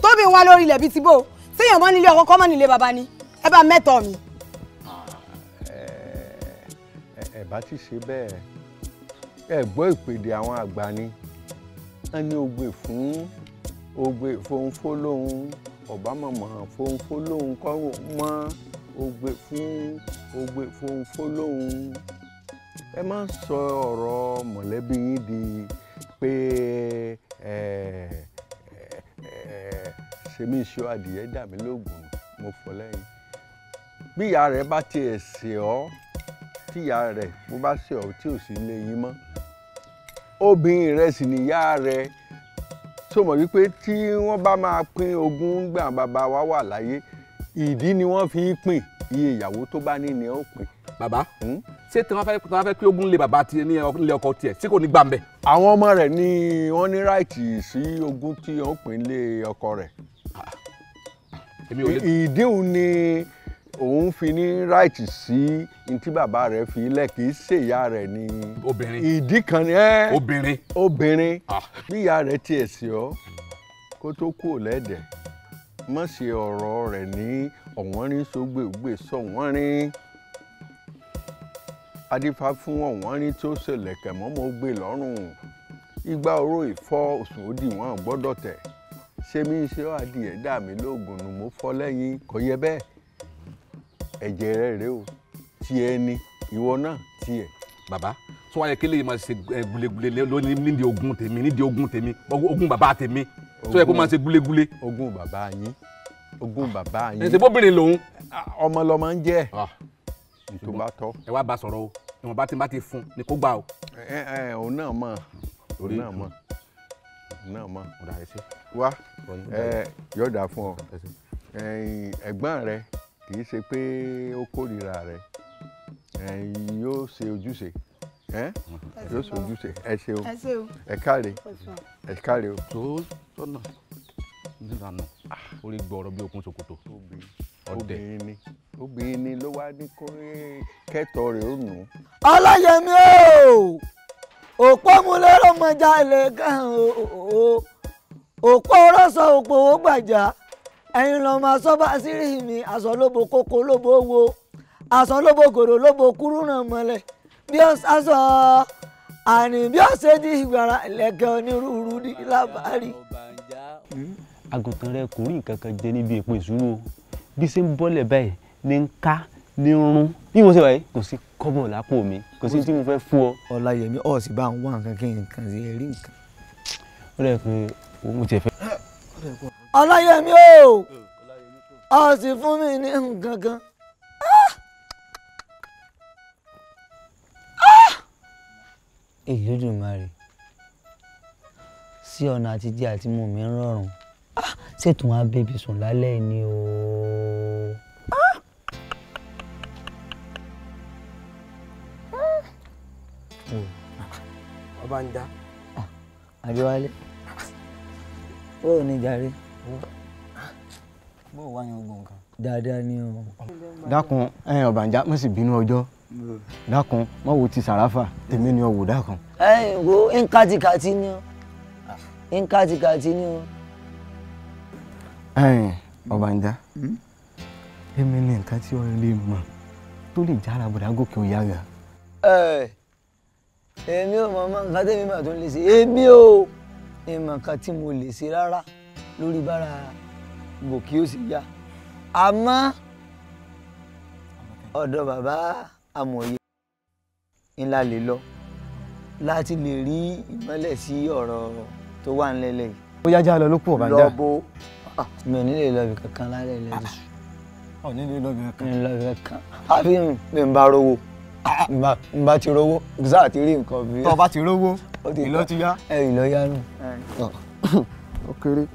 tóbi wá lórí ilẹ̀ bíi ti bó séèyàn mọ́ nílé ọkọ kọ́ mọ́ nílé bàbá ni ẹ bá mẹ́tọ̀ mi. Ah, ẹ bá ti ṣe bẹ́ẹ̀ ẹ gbọ́ ìpèdè àwọn àgbà ni wọ́n ní ogbe fún ogbe fòun fólóhùn ọ̀bámọ̀ mọ̀ fóńfó lóhùn kọ́rò mọ́ ogbe fún ogbe fóńfó lóhùn ẹ má sọ ọ̀rọ̀ mọ̀lẹ́bí yín di pé ẹ ẹ ṣe mí ṣe adìyẹ dà mí lóògùn mo fọ lẹ́yìn bíyà rẹ̀ bá tiẹ̀ ṣe ọ́ tíyà rẹ̀ bó bá ṣe ọ́ tí ò sí lé yín mọ́ obìnrin rẹ̀ sì níyà rẹ̀ tó mọ̀ wípé tí wọ́n bá máa pín ogún gbà bàbá wa wà láyé ìdí ni wọ́n fi ń pín iye ìyàwó tó bá ní ni ó pín. bàbá hmm? ṣé tí wọ́n fẹ́ tí wọ́n fẹ́ pín ogún lé bàbá tiẹ̀ ní ilé ọkọ tiẹ̀ tí kò ní gbà ń bẹ̀. àwọn ọmọ rẹ̀ ni wọ́n ní ráìtì sí ogún tí wọ́n pín lé ọkọ rẹ̀. Ah, ìdíhùn ni. Ah òun fi ní ráìtì sí ntí bàbá rẹ̀ fi lẹ̀ kì í ṣe ìyá rẹ̀ ni. obìnrin ìdí kan ni ẹ́ obìnrin obìnrin ah. bí ìyá rẹ̀ tiẹ̀ sí ọ kó tó kú lẹ́dẹ̀ẹ́ má ṣe ọ̀rọ̀ rẹ̀ ní ọ̀wọ́nrín sógbègbè sọ̀wọ́nrín adífá fún ọ̀wọ́nrín tó ṣẹlẹ̀kẹ̀ mọ́mọ́ gbé lọ́rùn igba oró ìfọ́ òsùn òdì wọn gbọ́dọ̀ tẹ̀ ṣé mi ṣe adìẹ dà mí lóògùn nù mo fọ́ lẹ́yìn kò yẹ bẹ́ẹ̀ ẹ̀jẹ̀ rẹ̀ rèé o ti ẹni ìwọ náà ti ẹ̀. bàbá tó wáyé kí lè máa ṣe gulegule lónìí nídìí ogun tèmi nídìí ogún tèmi ogún bàbá tèmi tó yẹ kó máa ṣe gulegule. ogún bàbá yín ogún bàbá yín. ẹ̀sìn bóbìnrin lòun. ọmọ lọmọ ń jẹ́ ẹ̀ ah. tó bá tọ́. ẹ wá bá sọ̀rọ̀ o ìwọ̀n bá ti bá ti fún ni kó gbà o. ẹ ẹ òun náà mọ̀ òun náà mọ̀ òun náà mọ̀ wá ẹ yọ̀ọ̀dà fún ọ ẹ̀gbọ́n rẹ kì í ṣe pé ó kórìíra rẹ yóò ṣe ojúṣe yóò ṣe ojúṣe ẹ ṣeun ẹ káre ẹ káre o. tó tọ́nà nílànà orí ah, gbọ́ọ̀rọ̀ bí okun ṣòkòtò ọ̀dẹ̀ obìnrin ni ló wá ní kẹ́tọ̀ rẹ̀ ó nù. ọlọ́yẹ̀mí o òpó mu lérò mọ́jà ilẹ̀ kan o òpó rọ́ṣọ̀ òpó owó gbàjà. ẹ̀yin lọ máa sọ bá mi aṣọ lóbo kókó lóbo wo aṣọ lóbo gòrò lóbo kúrú ràn mọ́lẹ̀ bí ó àní bí ó di onírúurú ní jẹ níbi bí ṣe ń bọ́lẹ̀ báyìí ní ń bí mo ṣe wáyé kò sí kọ́bọ̀ lápò mi kò sí tí fẹ́ fún ọ. ọ̀ sì bá ń wá nǹkan kí sí nǹkan. ó rẹ̀ pé ọláyẹmí o ọ sì fún mi ní nǹkan kan. Èlédùmarè sí ọ̀nà àtijẹ àti mú mi rọrùn ṣètò wọn abẹ́bí sùn lálẹ́ ni o. ọba ń dá. àdéwálé ó ní jàre bó o wá yan ogun kan. dáadáa ni o. dákun ẹ ọ̀bànjá mo sì bínú ọjọ́ dákun mo wo ti sàràfà èmi ni ọ̀wọ̀ dákun. ẹ wo ń kàtìkàtì ni o ń kàtìkàtì ni o. ẹ ọ̀bànjá hmm? èmi ni nǹkan tí wọ́n lè mọ̀ tó lè jára bọ̀dá gòkè òyà rẹ̀. ẹ èmi ò mọ̀ mọ́ nǹkan tẹ́mi mà tó lè ṣe èmi ò ìmọ̀ kan tí mo lè ṣe rárá lórí bára gòkè ó sì yá àmọ́ ọ̀dọ̀ bàbá amòye ńlá lè lọ láti lè rí ìmọ́lẹ̀ sí ọ̀rọ̀ tó wà ńlẹ̀lẹ̀ yìí. ó yájà lọ ló kù ọ̀bàjá lọ́bọ̀ mi ò ní lè lọ ibì kankan lálẹ́ lẹ́yìn. ọ̀ ah, ní lè lọ ibì kankan. ní lọ ibì kankan. àfi mi ń bá rówó ah, n bá ti rówó gbèsè àti rí nǹkan bí. tó ti rówó ìlọ ti yá. ẹ ìlọ yá nù. ó kéré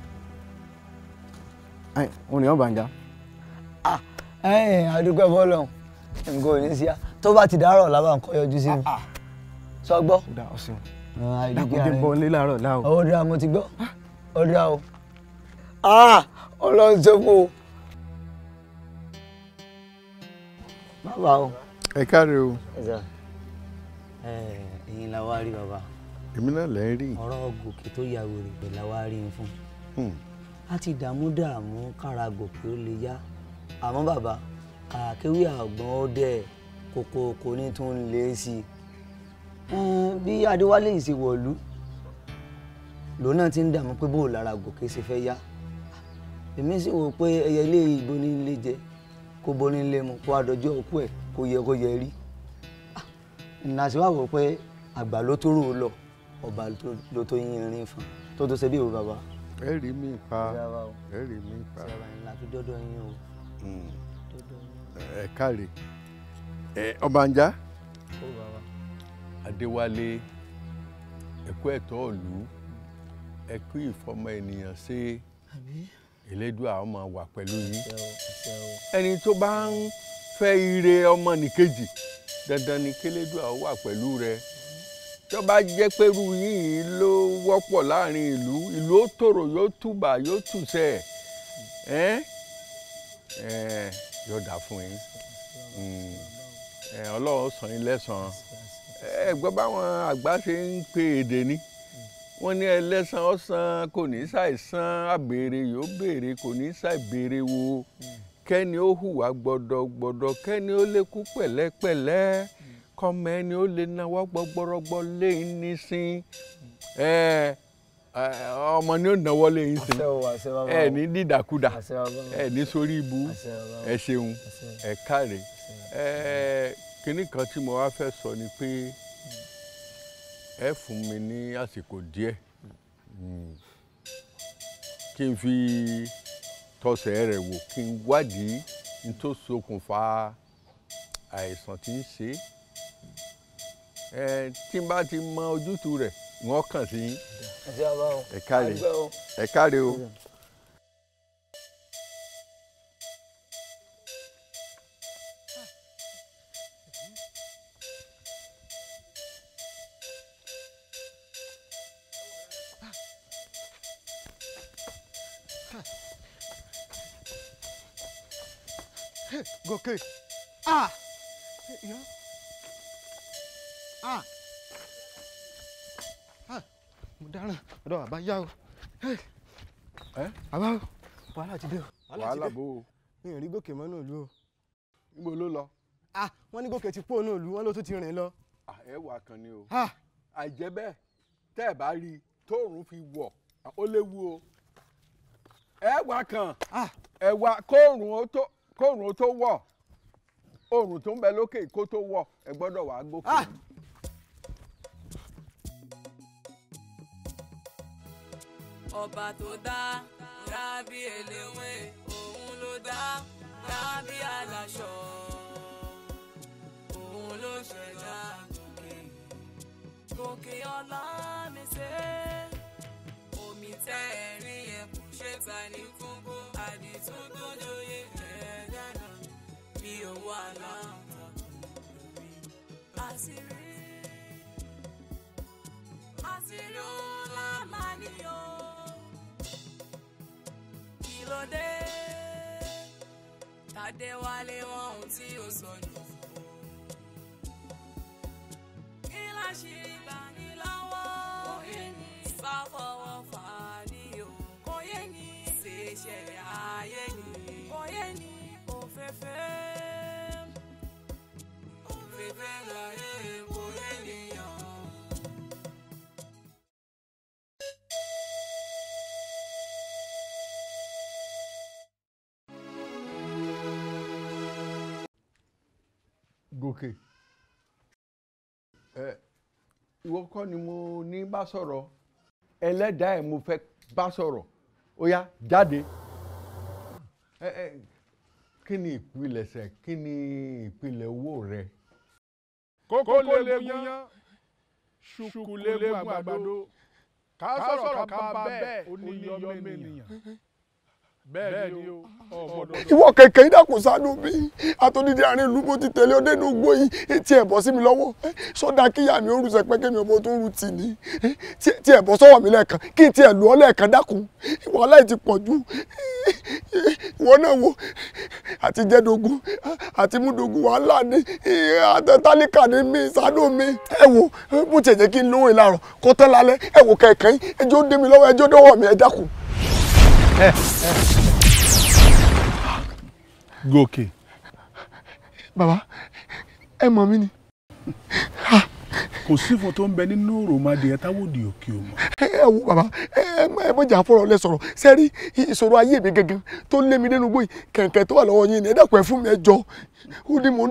òun nìyàn bànjá. àdúgbò bọ́lọ̀ nǹkan ò ní sí a tó bá ti dárọ̀ lábà nǹkan yọjú sí mi ah, ah. sọ gbọ́. Ah, dàkúndé bọ́ ní láàárọ̀ láàárọ̀. ọwọ́ dira mo ti gbọ́ ọwọ́ dira o. ọlọ́run ṣe fún o. bàbá o. ẹ káre o. Eh, ẹ̀yin la wá rí bàbá. èmi náà lẹ́ ń rí. ọ̀rọ̀ gòkè tó yàwó rẹ̀ la wá rí fún. Hmm a ti dààmú dààmú kára gòkè ó lè yá àmọ́ bàbá kàkéwì àgbọn ó dẹ̀ kòkò kò ní tó ń lé sí i bí adéwálé yìí ṣe wọ̀lú lòun náà ti ń dààmú pé bóò lára gòkè ṣe fẹ́ yá èmi sì wò pé ẹyẹ ilé ìgbóni ilé jẹ kó bóni ilé mu kó adọjọ òkú ẹ kó yẹ kó yẹ rí nàṣíwáwò pé àgbà ló tó rò ó lọ ọba ló tó yín irin fún tó tó ṣe bí ìwé bàbá ẹ rí mi pa ẹ rí mi pa. ṣe wàá ńlá tó dọ́dọ̀ yín o. Hmm. ẹ káre ẹ ọbànjá adéwálé ẹkú ẹ̀tọ́ ìlú ẹkú ìfọmọ ènìyàn ṣe elédùà ọmọ wà pẹ̀lú yín ẹni tó bá ń fẹ́ ire ọmọnìkejì dandan ni kélédùà wà pẹ̀lú rẹ tó bá jẹ́ pé irú yìí ló wọ́pọ̀ láàrin ìlú ìlú ó tòrò yóò tùbà yóò tùsẹ̀ ẹ́ ẹ́ yóò dà fún yín ẹ ọlọ́run sàn yín lẹ́sàn-án ẹ gbọ́ báwọn àgbà ṣe ń pe èdè ni wọ́n ní ẹlẹ́sàn ọ̀sán kò ní ṣàìsàn àbèrè yóò béèrè kò ní ṣàìbèrè wo kẹ́ni ó hùwà gbọ́dọ̀ gbọ́dọ̀ kẹ́ni ó lékú pẹ̀lẹ́pẹ̀lẹ́. Mm. ọmọ ẹni ó lè náwó gbọgbọrọgbọ lẹ́yìn nísìn ọmọ ni ó náwó lẹ́yìn sí ẹ ní dídàkudà ẹ ní sórí ibu ẹ ṣeun ẹ káre kínní kan tí mo wá fẹ́ sọ ni pé ẹ fún mi ní àsìkò díẹ̀ kí n fi rẹ̀ wò kí n wádìí n tó àìsàn tí ń ṣe é. tí n bá ti mọ ojútùú rẹ̀ wọ́n kàn sí yín ẹ o. gòkè ah ọ̀dọ̀ àbá oh Eh! àbá o wàhálà ti o wàhálà bò ó mi ò rí gòkè o. lọ. ah wọ́n ní ti pò náà lù wọ́n to ti lọ. Ah! Ewa kan ni o àìjẹ́ bẹ́ẹ̀ tẹ́ ẹ bá fi léwu o ẹ kan ah! ẹ wà tó wọ̀ oòrùn tó ń bẹ lókè tó wọ̀ ẹ ọba tó dá rábì eléwé òun ló dá rábì aláṣọ òun ló ṣẹ̀dá gòkè gòkè ọlá mi ṣe omi tẹ́ ẹ̀rín yẹn kò ṣe ta ní kókó àdìtún tó lóye ẹ̀ẹ́dá bí owó aláǹkà àṣírí àṣírí ńlá máa níyàn kí ló dé Tádéwálé wọn ohun tí ó sọ nù. kí láṣìírí bá ní lọ́wọ́ sá fọwọ́ fà á ní o kò yé ni ṣe ayé ni kò ni òféfé òféfé lọ yé. gòkè ẹ ìwọ kọ́ ni mo ní bá sọ̀rọ̀ ẹlẹ́dàá ẹ̀ mo fẹ́ bá sọ̀rọ̀ ó yá jáde ẹ ẹ kí ni ìpilẹ̀ṣẹ̀ kí ni ìpìlẹ̀ owó rẹ. kókó lè gúnyán ṣùkú lè àgbàdo ká sọ̀rọ̀ ká bá bẹ́ẹ̀ ó ìwọ kẹ̀kẹ́ ìdàkùn sánú bí àtòdìdí àárín ìlú bó ti tẹ̀lé ọdẹ ní ogbó yìí etí sí mi lọ́wọ́ sọ́dà mi orúṣẹ mi ọmọ tó ń ru tì ní tí sọ́wọ́ mi lẹ́ẹ̀kan kí tí ẹ̀ lù ọ́ lẹ́ẹ̀kan ìwọ aláì ti pọ̀ jù ìwọ náà wo àti jẹ́dógún àti ni mi sánú mi ẹ wo bó tiẹ̀ jẹ́ kí n lówó ìlàrọ̀ kó lálẹ́ ẹ wo kẹ̀kẹ́ ẹjọ́ dé mi lọ́wọ́ ẹjọ́ dọ́wọ́ gòkè. bàbá ẹ mọ̀ mí ni. kò sí fún tó ń bẹ nínú òròmọdìyẹ táwòdì òkè o mọ. ẹ wo bàbá ẹ mọ jà fọ̀rọ̀ lẹ sọ̀rọ̀ sẹrí ìṣòro ayé mi gangan tó lé mi nínú gbòyìn ni e mi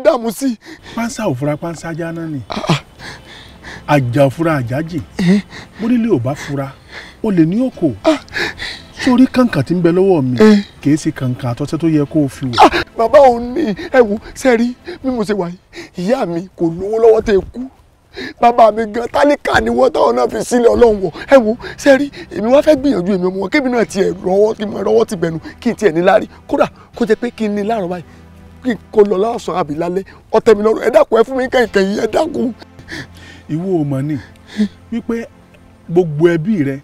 ni ah, ah. o lè ní òkò sórí ah. kàǹkà tí ń bẹ lọ́wọ́ mi eh. kì í ṣe kàǹkà àtọ́sẹ́ tó yẹ kó o fi wò. Ah, bàbá òun ní ẹ wo sẹ́rí bí mo ṣe wà yìí ìyá mi kò lówó lọ́wọ́ tẹ kú bàbá mi gan tálíkà ni wọ́n táwọn náà fi sílẹ̀ ọlọ́run wọ̀ ẹ wo sẹ́rí èmi wá fẹ́ gbìyànjú èmi ọmọ wọn kébì náà tiẹ̀ rọwọ́ kí n máa rọwọ́ ti bẹ̀nu kí n tiẹ̀ ní láàrí kódà kó jẹ́ pé kí n ní láàrọ̀ báyìí kí n kó lọ lọ́sàn-án àbí gbogbo ẹbí rẹ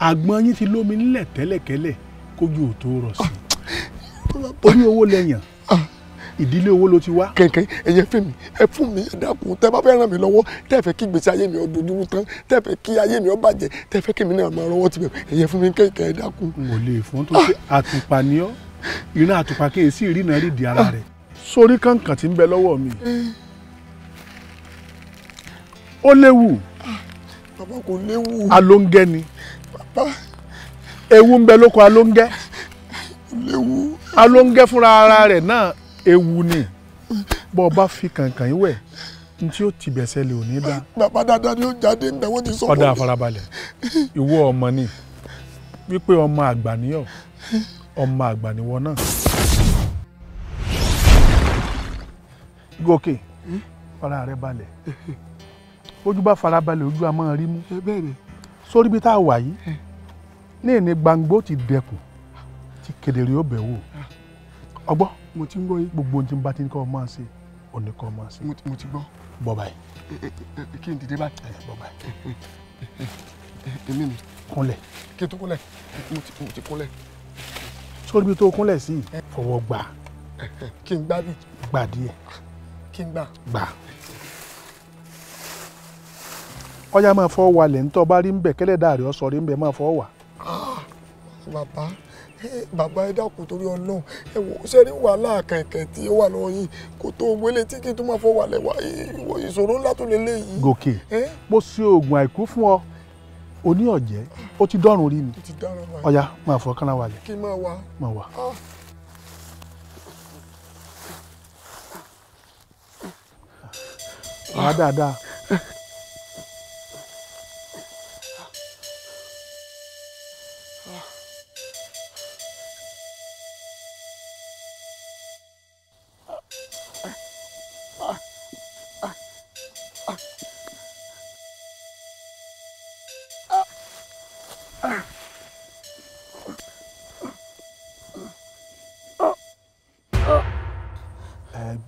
àgbọn yín ti lómi nílẹ̀ tẹ́lẹ̀kẹ́lẹ̀ kójú ò tó rọ̀ sí i orí owó lẹ́yìn ìdílé owó ló ti wá. kẹ̀kẹ́ ẹ̀yẹ fún mi ẹ fún mi ẹ dákun tẹ́ bá fẹ́ ràn mí lọ́wọ́ tẹ́ fẹ́ kí gbèsè ayé mi ó dojúrú tán tẹ́ fẹ́ kí ayé mi ó bàjẹ́ tẹ́ fẹ́ kí mi náà máa rọwọ́ tibẹ̀ ẹ̀yẹ fún mi kẹ̀kẹ́ ẹ dákun. n ò lè fún tó ṣe àtùpà ni ọ iná àtùpà kì í sí ìrìnà rí di ara rẹ sórí kàǹkà tí ń bẹ lọ́wọ́ mi ó léwu bàbá kò léwu. alóńgẹ́ ni ewu ń bẹ lóko alóńgẹ́ alóńgẹ́ fúnra ara rẹ̀ náà ewu ni bọ́ ọ bá fi kàǹkàn yín wẹ̀ n tí ó ti bẹ̀sẹ̀ lè òní dá. bàbá dáadáa ni ó jáde ń bẹ wọ́n ti sọ fún mi. ọ̀dà àfarabalẹ̀ ìwọ ọmọ ni wípé ọmọ àgbà ọmọ àgbà náà. gòkè hmm? ọ̀rá rẹ balẹ̀. Eh, eh bójú bá farabalẹ̀ ojú a máa rí mú. Eh, sórí bí tá a wà yìí eh. ní ìní gbangbó ti dẹkùn ti kedere ó bẹ̀ wò ah. ọgbọ́ mo ti ń gbọ́ yìí gbogbo ohun tí n bá ti ní kọ́ ọ máa ṣe òní kọ́ ọ máa ṣe. mo ti gbọ́. bọ́ báyìí. Eh, kí n dìde báyìí. bọ́ báyìí. èmi ni. kúnlẹ̀. kí n tó kúnlẹ̀ mo ti kúnlẹ̀. sórí bí tó kúnlẹ̀ sí fọwọ́ gbà. kí n gbá bí. gbà díẹ̀. kí n gbà. gbà. ọya máa fọ́ wa lẹ̀ ń rí ọ sọ ń bẹ̀ máa fọ́ wa. Ah, bàbá bàbá ẹ dákun torí ẹ wò ó ṣe rí wàhálà kẹ̀kẹ́ tí wà lọ́wọ́ yìí kò tó owó ilé tí kì í tún máa yìí. gòkè mo ṣe àìkú fún ọ oní ọ̀jẹ́ ó ti dọ́rùn rí mi ọya máa wa lẹ̀ kí máa ah.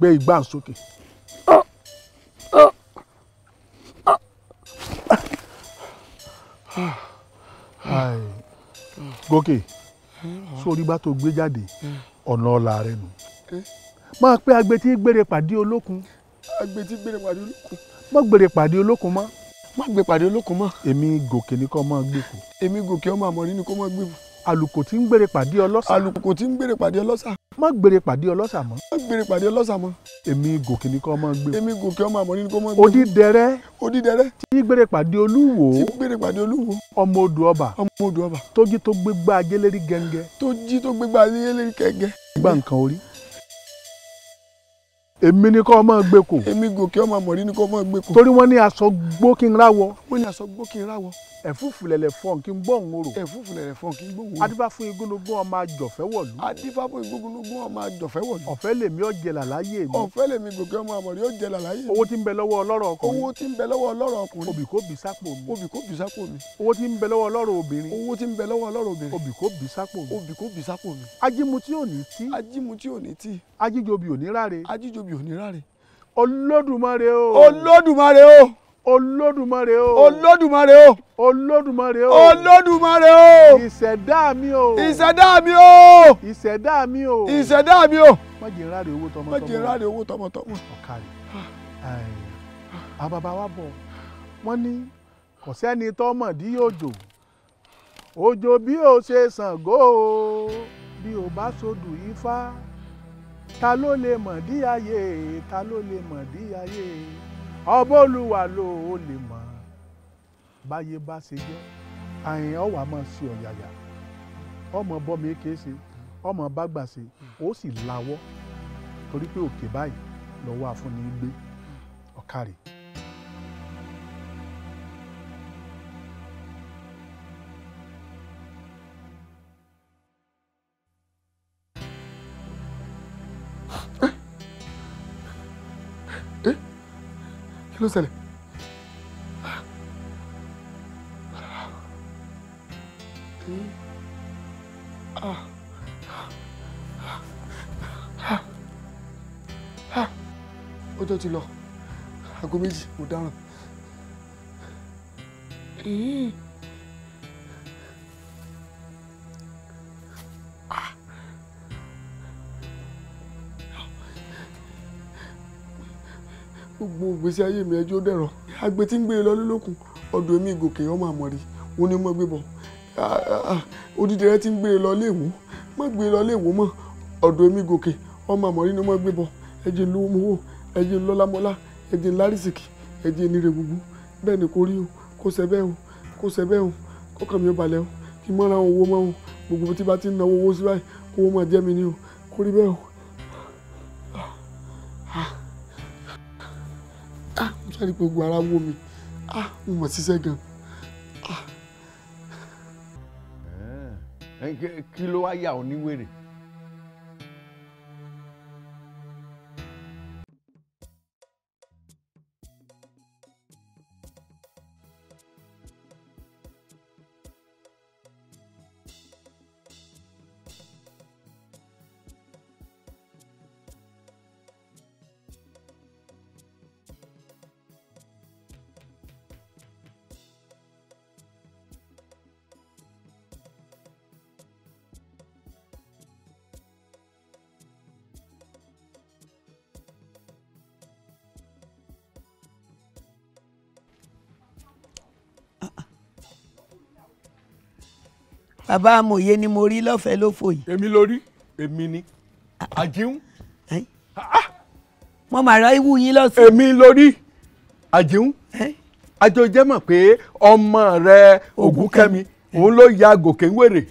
gbé igbá sókè. gòkè sórí bá tó gbé jáde ọ̀nà ọ̀la rẹ nù máa pé agbetí gbére pàdé olókun. agbetí gbére pàdé olókun. má gbére pàdé olókun mọ́. má gbé pàdé olókun mọ́. èmi gòkè ni kò máa gbé kù. èmi gòkè ọmọ àmọ́rí ni kò máa gbé kù. àlùkò tí ń gbére pàdé ọlọ́sà. àlùkò tí ń gbére pàdé ọlọ́sà má gbèrè pàdé ọlọ́ṣà mọ́. má gbèrè pàdé ọlọ́ṣà mọ́. èmi gòkè ni kò máa gbé. èmi gòkè ọmọ àmọ́ ni kò máa gbé. odídẹrẹ́. odídẹrẹ́. tí gbèrè pàdé olúwo. tí gbèrè pàdé olúwo. ọmọ odò ọba. ọmọ odò ọba. tójí tó gbégbá ajé lérí gẹ́ngẹ́. tójí tó gbégbá ajé lérí gẹ́ngẹ́. orí èmi ni kọ́ ọmọ gbé kò. èmi gòkè ọmọ àmọ̀rí ni kọ́ ọmọ gbé kò. torí wọ́n ní aṣọ gbó kí n ráwọ. wọ́n ní aṣọ gbó kí n ráwọ. ẹ̀fúùfù lẹ̀lẹ̀ fọ́n kí n gbọ́ òun orò. ẹ̀fúùfù lẹ̀lẹ̀ fọ́n kí n gbọ́ òun orò. adífá fún igúnnugún ọmọ àjọ̀fẹ́ wọ̀lú. adífá fún igúnnugún ọmọ àjọ̀fẹ́ wọ̀lú. ọ̀fẹ́ lèmi ọ̀jẹ̀ làláyé mi. ọ̀fẹ́ lèmi gòkè ọmọ àmọ̀rí ọ̀jẹ̀ mi. owó tí ń bẹ lọ́wọ́ ọlọ́rọ̀ ọkùnrin. owó tí ń bẹ lọ́wọ́ ọlọ́rọ̀ ọkùnrin. obì kò bí sápò mi. obì kò bí sápò mi. owó tí ń bẹ lọ́wọ́ ọlọ́rọ̀ obìnrin. owó tí ń bẹ lọ́wọ́ ọlọ́rọ̀ obìnrin. obì kò bí sápò mi. obì kò bí sápò mi ò ní ráre olódùmarè o olódùmarè o olódùmarè o olódùmarè o olódùmarè o olódùmarè o ìṣẹ̀dá mi o ìṣẹ̀dá mi o ìṣẹ̀dá mi o ìṣẹ̀dá mi o má jẹ́ ráre owó tọmọtọmọ má jẹ́ ráre owó tọmọtọmọ. ọ̀kàrẹ̀ àbàbà wa bọ̀ wọ́n ní kò sẹ́ni tọ́mọ̀dí òjò òjò bí o ṣe Ṣàngó o bí o bá sọdù Ifá ta ló lè mọ̀ dí ayé ta ló lè mọ̀ dí ayé ọbọ̀ olúwa ló lè mọ̀ báyé bá ṣe jẹ́ àyìn ọ̀wà máa ṣe ọ̀yàyà ọmọ bọ́mi èké ọmọ bá ṣe ó sì lawọ́ torí pé òkè báyìí lọ́wọ́ àfúnni gbé ọ̀kàrẹ̀. ló ṣẹlẹ̀. ọjọ́ ti lọ aago méjì mo dáràn. gbogbo ìgbésí ayé mi ẹjọ́ dẹ̀rọ̀ agbe tí ń gbé e lọ lólókun ọ̀dọ̀ èmi ìgòkè ọmọ àmọ̀rí wọn ni mo gbé bọ̀ odidi rẹ ti ń gbé lọ léèwó má gbé lọ léèwó mọ́ ọ̀dọ̀ èmi ìgòkè ọmọ àmọ̀rí ni mo gbé bọ̀ ẹjẹ lówó mowó ẹjẹ lọ́lámọ́lá ẹjẹ lárísìkì ẹjẹ nire gbogbo bẹ́ẹ̀ ni kò rí o kò ṣe bẹ́ẹ̀ o kò ṣe o kọ́kàn mi ò balẹ̀ o kí n mọ́ra owó mọ́ o gbogbo tí bá ti ń náwó owó sí kó o máa jẹ́ mi ní o kò rí bẹ́ẹ̀ o rí pé gbogbo ara wó mi ah mo mọ̀ ṣiṣẹ́ gan. Ah. kí ló wá yà ọ níwèrè. bàbá amòye ni mo rí lọ́fẹ̀ẹ́ lófò yìí. èmi lórí èmi ni ah. àjíhùn. Ah, ah. mo mà rà ìwú yín lọ́sùn. èmi lórí àjíhùn àjọ jẹ́ mọ̀ pé ọmọ rẹ ògúnkẹ́mi òun ló ya gòkè ń wèrè.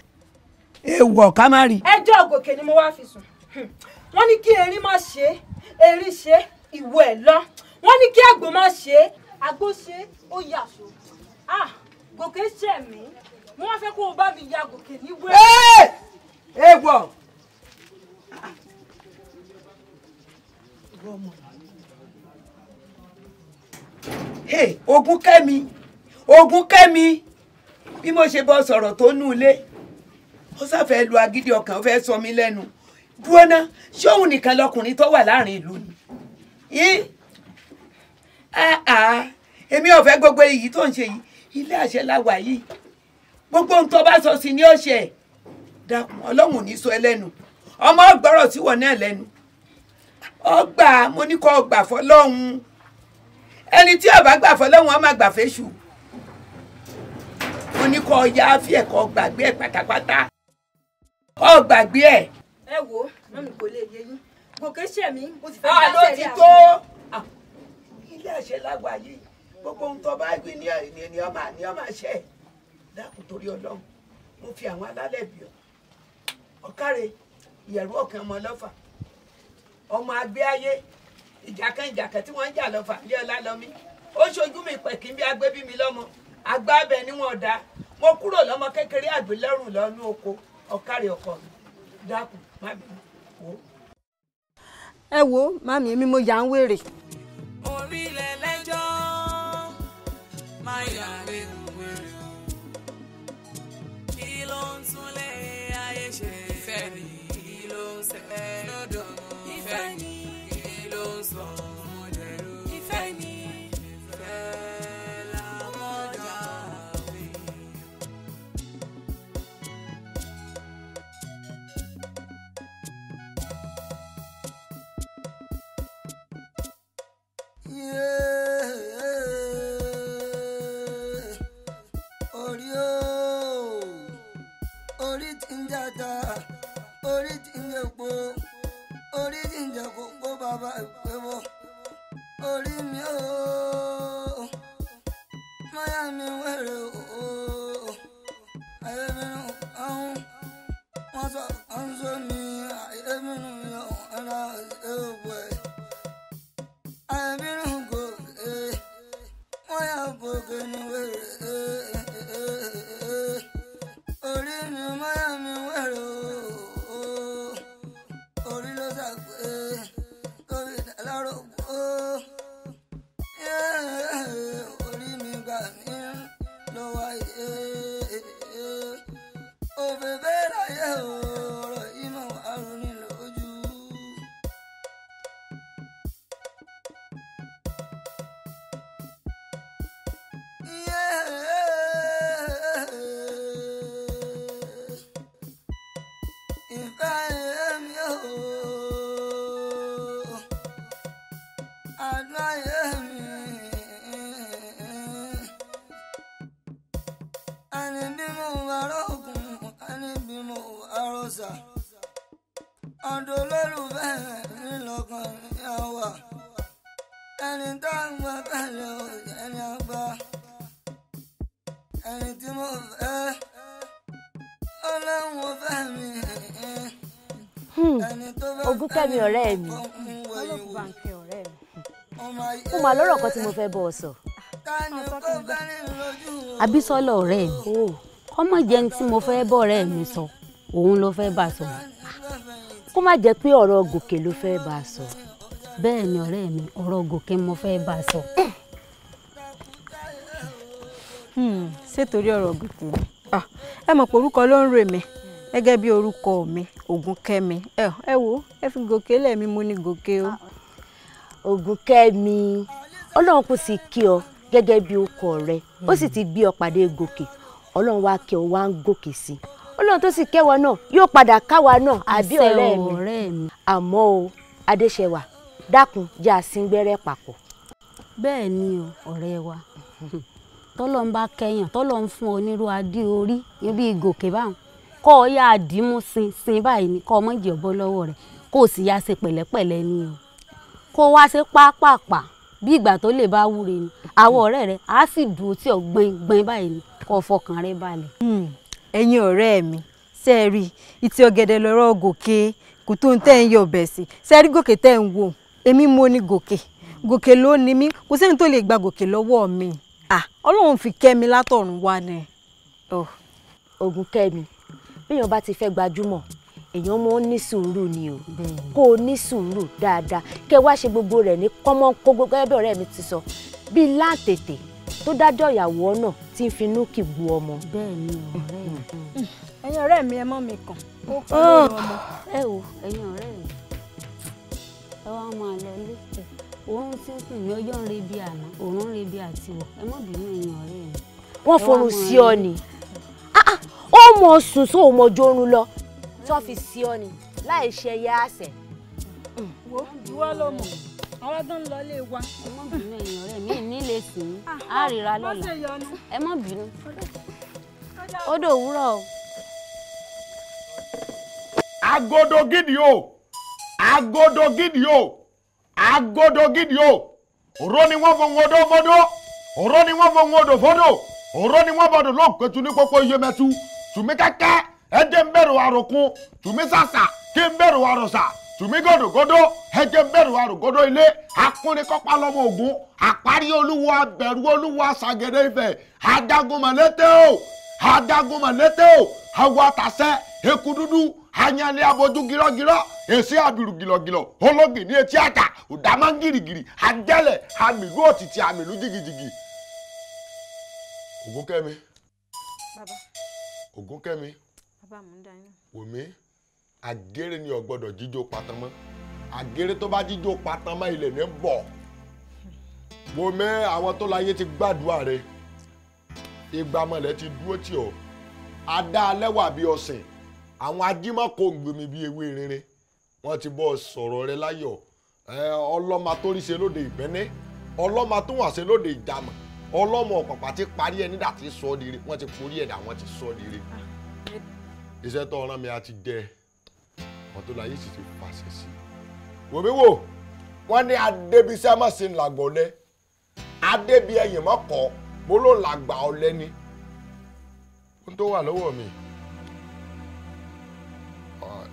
èèwọ̀ ká má rí. ẹjọ́ gòkè ni mo wá fi sùn wọ́n ní kí erin má ṣe erin ṣe ìwọ ẹ̀ lọ wọ́n ní kí àgbò má ṣe àgbò ṣe ó yàtọ̀ ah gòkè ṣẹ̀ mí wọ́n fẹ́ kó o bá mi ya gòkè ní wẹ́ẹ́. ẹ ẹ gbọ́. ogun kẹ́mi ogun kẹ́mi bí mo ṣe bọ́ sọ̀rọ̀ tó nù ilé ó sáfẹ́ lu agídí ọkàn ó fẹ́ sọ mí lẹ́nu dúró ná ṣé òun nìkan lọkùnrin tó wà láàrin ìlú ni èmi ò fẹ́ gbogbo èyí tó ń ṣe yìí ilé àṣẹ la yìí gbogbo ohun tó bá sọ sí ni ó ṣe dákun ọlọ́run ò ní sọ ẹlẹ́nu ọmọ ọgbọ́rọ̀ sí wọ̀ náà lẹ́nu ọgbà mo ní kọ́ ọgbà fọlọ́hún ẹni tí ọba gbà fọlọ́hún ọmọ àgbà fẹ́ṣù mo ní kọ́ ọya fi ẹ̀kọ́ gbàgbé ẹ̀ pátápátá ọ gbàgbé ẹ̀. ẹ wo mọ́mí kò lè yé yín gòkè ṣe mí mo sì fẹ́ dáṣẹ́ ah, rẹ̀ àwọn. Ah, ilé àṣẹ lágbàáyé gbogbo ohun tó bá gbé ní ọmọ àṣẹ dákun torí ọlọ́run mo fi àwọn alálẹ̀ bì ọ́ ìyẹ̀rú ọ̀kan ọmọ lọ́fà ọmọ agbé ayé ìjàkánjàkán tí wọ́n ń jà lọ́fà ní ọlá lọ́mí ó ṣojú mi pẹ̀kí bí agbé bí mi lọ́mọ agbá abẹ ni wọn mo kúrò lọ́mọ kékeré àgbélẹ́rùn lọ́nú oko ọ̀kàrẹ̀ ọkọ mi dákun má bínú ẹ wo mami mi mo yà ń wèrè. orílẹ̀ lẹ́jọ́ máa yà fẹ́mi ọ̀rẹ́ mi ọrụ mà kan tí mi jẹun tí mo sọ òun ló bá sọ kó má pé gòkè ló sọ ni mi sọ. Hmm, gòkè ni ẹ pé orúkọ ló ń rè mí bí orúkọ mi ẹ ẹ fi gòkè lẹ́mi mo ní gòkè o. ògùnkẹ́mi ọlọ́run kò sì kí ọ gẹ́gẹ́ bí ọkọ rẹ ó sì ti gbé ọ pàdé gòkè ọlọ́run wá kẹ́ ọ wá ń gòkè sí i ọlọ́run tó sì kẹ́wọ́ náà yóò padà káwa náà àbí ọ̀rẹ́ mi àmọ́ o adéṣẹwà dákun jẹ́ àsíngbẹ́rẹ́ papọ̀. bẹ́ẹ̀ ni o ọ̀rẹ́ wa tọ́lọ́ ń bá kẹyàn tọ́lọ́ ń fún ọ nírú adé orí ibi ìgòkè báwọn kọ́ ọ yá àdìmú sin sin báyìí ni kọ́ ọ mọ̀ jẹ́ lọ́wọ́ rẹ̀ kó o sì yá ṣe pẹ̀lẹ́pẹ̀lẹ́ ni o kó o wá ṣe pápápá bí ìgbà tó lè bá wúre ni àwọn ọ̀rẹ́ rẹ á sì dúró tí ọ gbẹngbẹng báyìí ni kó fọkàn rẹ balẹ̀. Hmm. ẹ̀yin ọ̀rẹ́ mi ṣe é rí ìtì ọ̀gẹ̀dẹ̀ lọ́rọ̀ gòkè kò tó ń tẹ́ ń yọ bẹ̀ sí ṣe gòkè tẹ́ ń wò èmi mo ní gòkè gòkè ló ní mí kò sẹ́ni tó lè gba gòkè lọ́wọ́ mi ọlọ́run fi kẹ́ mi látọ̀run wá ni. ogun oh, kẹ́mi bí èèyàn bá ti fẹ́ gbajúmọ̀ èèyàn mọ ní sùúrù ni o kó o ní sùúrù dáadáa kẹ wá ṣe gbogbo rẹ̀ ní kọ́mọ́ kó gbogbo ẹbí ọ̀rẹ́ mi ti sọ bíi láàtètè tó dájọ́ ìyàwó ọ̀nà tí ń finú kì bu ọmọ. bẹ́ẹ̀ni ọ̀rẹ́ mm-hmm. mi ẹ̀yin ọ̀rẹ́ mi ẹ mọ mi kàn ó kọ oh. lórí ọmọ. ẹ wo ẹ̀yin ọ̀rẹ́ mi ẹ wá máa lọ ilé òórùn tí ń kùn ní ọjọ́ ń rebi àná òórùn ń rebi àtiwọ̀ ẹ mọ̀ bínú ẹ̀yin ọ̀rẹ́ mi. wọ́n forun sí ọ ni ah, ah, ó mọ sùn sóò mọ jórun lọ tí fi sí ọ ni láì ṣe ẹyẹ àṣẹ. wo ìwọ ló mọ àwọn tó ń lọ wa. ẹ má bínú ẹ̀yin ọ̀rẹ́ mi ní ilé sí i á ah, ríra lọ́la ẹ má bínú ó dòwúrọ̀ o. agodo gidi o agodo gidi o agodo gidi o òró ni wọ́n fohùn odò fọdọ òró ni wọ́n fohùn odò fọdọ òró ni wọ́n bọdọ lọ pẹtù ní pópó iye mẹtu tùmí kẹkẹ ẹjẹ ń bẹ̀rù àròkun tùmí sàṣà kí ń bẹ̀rù àròsà tùmí gòdògòdò ẹjẹ ń bẹ̀rù àrògòdò ilé akúnrin kọ́pá lọ́mọ ògún àparí olúwo abẹ̀rù olúwo àṣàgẹ̀dẹ̀ Ifẹ̀ adágúnmọ̀lẹ́tẹ̀ o adágúnmọ̀lẹ́tẹ̀ o àwọn àtàṣẹ eku dúdú ayanlẹ abojú gírọ́gírọ́ èsì àbìrù gìlọ̀gìlọ̀ ológì ní etí àtà òdàmọ́ gìrìgìrì àjẹlẹ̀ àmìlú òtítì àmìlú jìgìjìgì. ògúnkẹ́mi ògúnkẹ́mi bàbá mú dání. wòmí àgéré ni ò gbọ́dọ̀ jíjó patan mọ́ àgéré tó bá jíjó patan mọ́ ilẹ̀ ní bọ̀ wòmí àwọn tó láyé ti gbàdúrà rẹ ìgbàmọ̀lẹ̀ ti dúró tì ọ́ adá alẹ́wà bíi ọ̀sìn àwọn ajímọ̀kò gbèmí bíi ewé rere wọ́n ti bọ́ sọ̀rọ̀ rẹ láyọ̀ ọlọ́mà tó rí ṣe lóde ìbẹ́ní ọlọ́mà tó wà ṣe lóde ìjàmọ̀ ọlọ́mọ ọ̀pàpà ti parí ẹni dà ti sọ ọ́ dire wọ́n ti forí ẹ̀dá wọ́n ti sọ ọ́ dire iṣẹ́ tó rán mi àti dẹ ọ̀tọ́láyé sì ti fàṣẹ sí i. wòmí wò wọ́n ní adébísẹ́ àmọ́sí làgbọ̀ ọ̀lẹ adébí ẹ̀yìn mọ́kọ̀ mo ló làgbà ọ̀lẹ ni. ohun tó wà lọ́wọ́ mi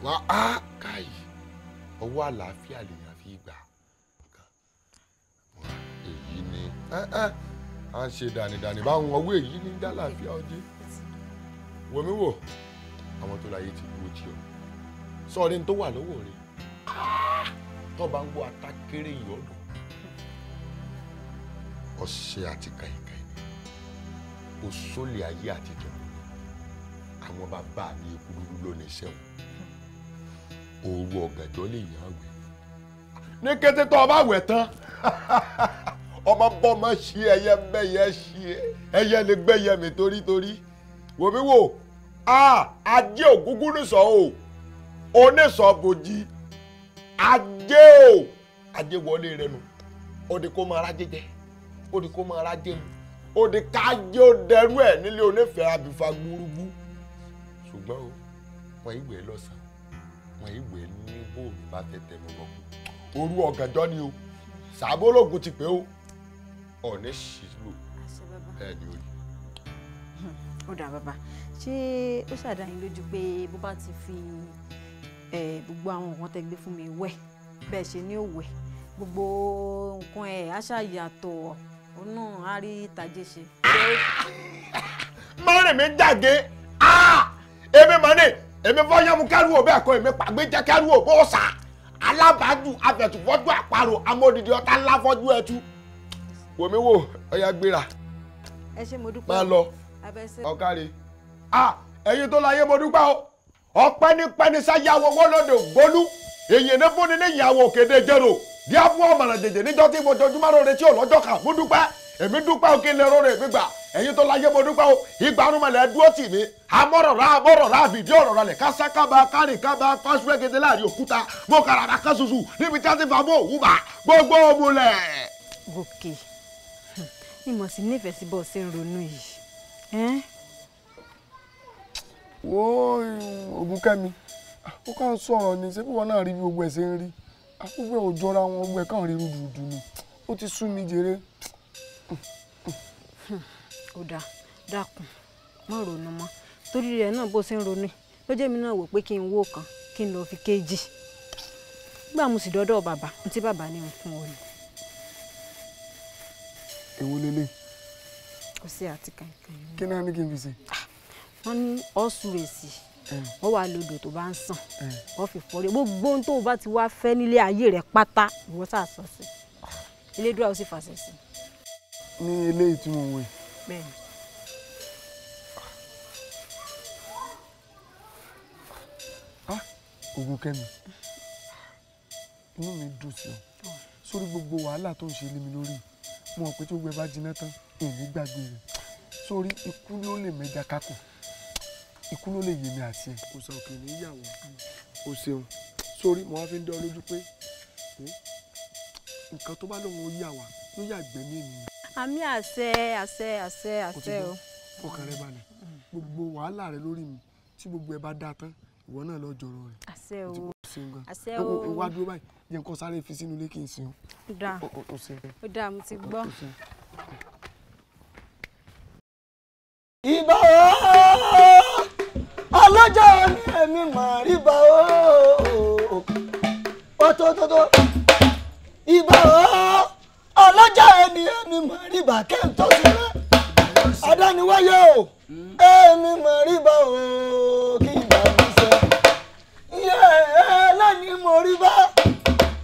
wà á káyì ọwọ́ àlàáfíà lèèyàn fi gbà èyí ni à ń ṣe dànìdànì báwọn ọwọ́ èyí ní dálàáfíà ọjẹ́ wòmí wò àwọn tó láyé ti dúró tí ọ sọ ní tó wà lọ́wọ́ rẹ tó bá ń wo atákéré yìí ọ̀dọ̀ ọṣẹ àti kàìkàì òṣòlè ayé àtijọ́ àwọn bàbá mi ikú dúdú lónìí sẹ́wọ̀n òru ọ̀gànjọ́ lè yàn àwẹ̀ ní kété tó o bá wẹ̀ tán (laughs) ọmọ bọ́ ọmọ ṣí ẹyẹ bẹ́yẹ ṣí ẹyẹ lè gbẹ́yẹ mi torítorí wò mí wò ajé ògúngún nìsọ o onísọ bòjì ajé o ajé wọlé rẹ nu ó di kó máa rájé jẹ ó di kó máa rájé mu ó di kájé ó dẹrú ẹ nílé onífẹ̀ẹ́ abìfà gbúrúgbú ṣùgbọ́n o wọn ìwé lọ́sàn wọn ìwé ní bóòlù bá tètè mọ́ lọ́kùn orú ọ̀gànjọ́ ni o sàbólógún ti pé o ọ̀nẹ́ sílò bẹ́ẹ̀ ni o ó dà bàbá ṣé ó ṣàdá yín lójú pé bó bá ti fi gbogbo àwọn nǹkan tẹ́ gbé fún mi wẹ̀ bẹ́ẹ̀ ṣe ní òwẹ̀ gbogbo nǹkan ẹ̀ á ṣàyàtọ̀ òun náà á rí ìtàjẹ́ ṣe. mọ́rin mi jàgé èmi mọ́ni èmi fọ́yọ́mù kẹ́rù òbẹ́ ẹ̀kọ́ èmi pàgbéjẹ́ kẹ́rù òbó ọ̀sà alábàájú abẹ̀tùfọ́jú àparò amódìdí ọ̀tá ńlá fọ́jú ẹ̀tú wòmíwò ọ̀yà gbéra. ẹ lọ ọ̀kárí ẹ̀yin tó láyé mo dúpẹ́ o ọ̀pẹ́nipẹ́ni sáyàwó wọ́lọ́dẹ ògbólú èyàn ní fúnni ní ìyàwó òkèdè jẹ́rò díẹ̀ fún ọ̀mọ̀nà jèjì níjọ́ tí mo jọjúmọ́ rẹ̀ tí òlọ́jọ́ kan mo dúpẹ́ èmi dúpẹ́ òkè lérò rẹ̀ gbígbà ẹ̀yin tó láyé mo dúpẹ́ o ìgbà arúmọ̀lẹ̀ dúró tì mí amọ̀rọ̀ra amọ̀rọ̀ra àbìdí ọ̀rọ̀ra lẹ̀ kásákábà kárìkábà fásúwẹ́gẹ́dẹ́ láàrin òkúta mo kàràrà kan ṣoṣo níbi tí a ti fa mọ́ òwú bá gbogbo òmùlẹ̀. gòkè ni hm, mo nífẹ̀ẹ́ sí bọ́ọ̀ ń ronú yìí wo Ògúnkẹ́mi ah, ó kàn sọ̀rọ̀ ni ṣé bíwọ náà rí bí gbogbo ẹ̀ ṣe ń rí ah, gbogbo ẹ̀ ò jọra wọn gbogbo ẹ̀ kàn rí rúdurùdu ni ó ti sú mi jèrè. ó dáa dákun má ronú mọ́ torí rẹ̀ náà bó ṣe ń ronú ló jẹ́ mi náà wò pé kí n wó kan kí n lọ fi kéjì nígbà mo sì dọ́dọ̀ bàbá n tí bàbá ní n fún ọ ni. èwo kò sí àti kankan. kí náà ní kí n fi ṣe. Ah, wọ́n ní ọ̀sùrèsì wọ́n wà lódò tó bá ń sàn wọ́n fi fọ́rí gbogbo ohun tó o bá ti wá fẹ́ nílé ayé rẹ̀ pátá ìwọ sà sọ sí elédùá ó sì fàṣẹ sí. ní ilé ìtumọ̀ òwe. bẹ́ẹ̀ni. ogun kẹ́mi inú mi dùn sí ọ sórí gbogbo wàhálà tó ń ṣe lé mi lórí mo mọ̀ pé tí gbogbo ẹ bá jiná tán èmi gbàgbé rẹ̀ sórí ikú ló lè mẹ́ja kákò ikú ló lè yé mi àti ẹ. kò sọ òkè ní ìyàwó o ṣeun sórí mo wá fi ń dán ọ lójú pé hmm, nǹkan tó bá lóun ó yà wá ló yà gbẹ̀mí ènìyàn. àmì àṣẹ àṣẹ àṣẹ àṣẹ o. fọkàn rẹ balẹ̀ mm. gbogbo wàhálà rẹ lórí mi tí gbogbo ẹ bá dáa tán ìwọ náà lọ jọrọ rẹ. àṣẹ o àṣẹ o ìwà dúró báyìí yẹn kó sáré fi sínú ilé kí n sìn o. dáa ó dáa mo ti gbọ́. ìbáwọ̀ ọlọ́jọ́ ní ẹ̀mí màríbà ó ọ̀tọ̀ọ̀tọ̀ ìbà ó ọlọ́jọ́ ní ẹ̀mí màríbà kẹ́ńtọ́ sílẹ̀ adániwáyé o ẹ̀mí màríbà ó kí ìbà mi sọ iye lónìí mo rí bá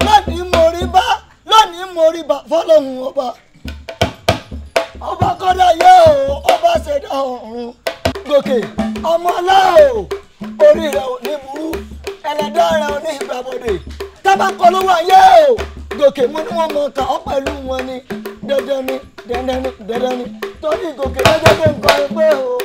lónìí mo rí bá lónìí mo rí fọlọ́hún ọba ọba kọ́dá yẹ o ọba ṣẹ̀dá ọ̀run gòkè ọmọ aláàó orí rẹ ò ní burú ẹlẹ́dàá rẹ ò ní ìgbàbọdè tábàkọ ló wà yẹ o gòkè mo ní wọn mọ kà ọ pẹ̀lú wọn ni dandan ni dandan ni dandan ni torí gòkè lọ́jọ́ pé nǹkan ẹgbẹ́ o.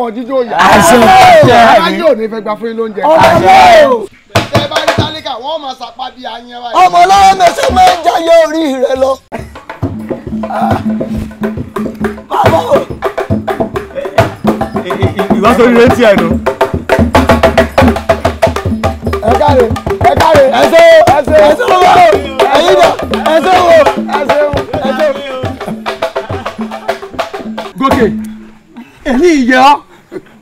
wọn jíjó yà. àṣẹ àṣẹ mi. aláyọ̀ ní fẹ́ gba fún yín lóúnjẹ. ọmọ tẹ bá rí tálíkà wọn máa sàpá di àyẹn báyìí. ọmọ lọ́wọ́ mẹ́sẹ̀ máa ń jayé orí rẹ lọ. bàbá o. ìwà sórí rẹ ti ẹnu. ẹ káre ẹ káre ẹsẹ ẹsẹ ẹsẹ wo ẹyin dà ẹsẹ wo ẹsẹ wo ẹsẹ wo. gòkè èyí yẹ ọ́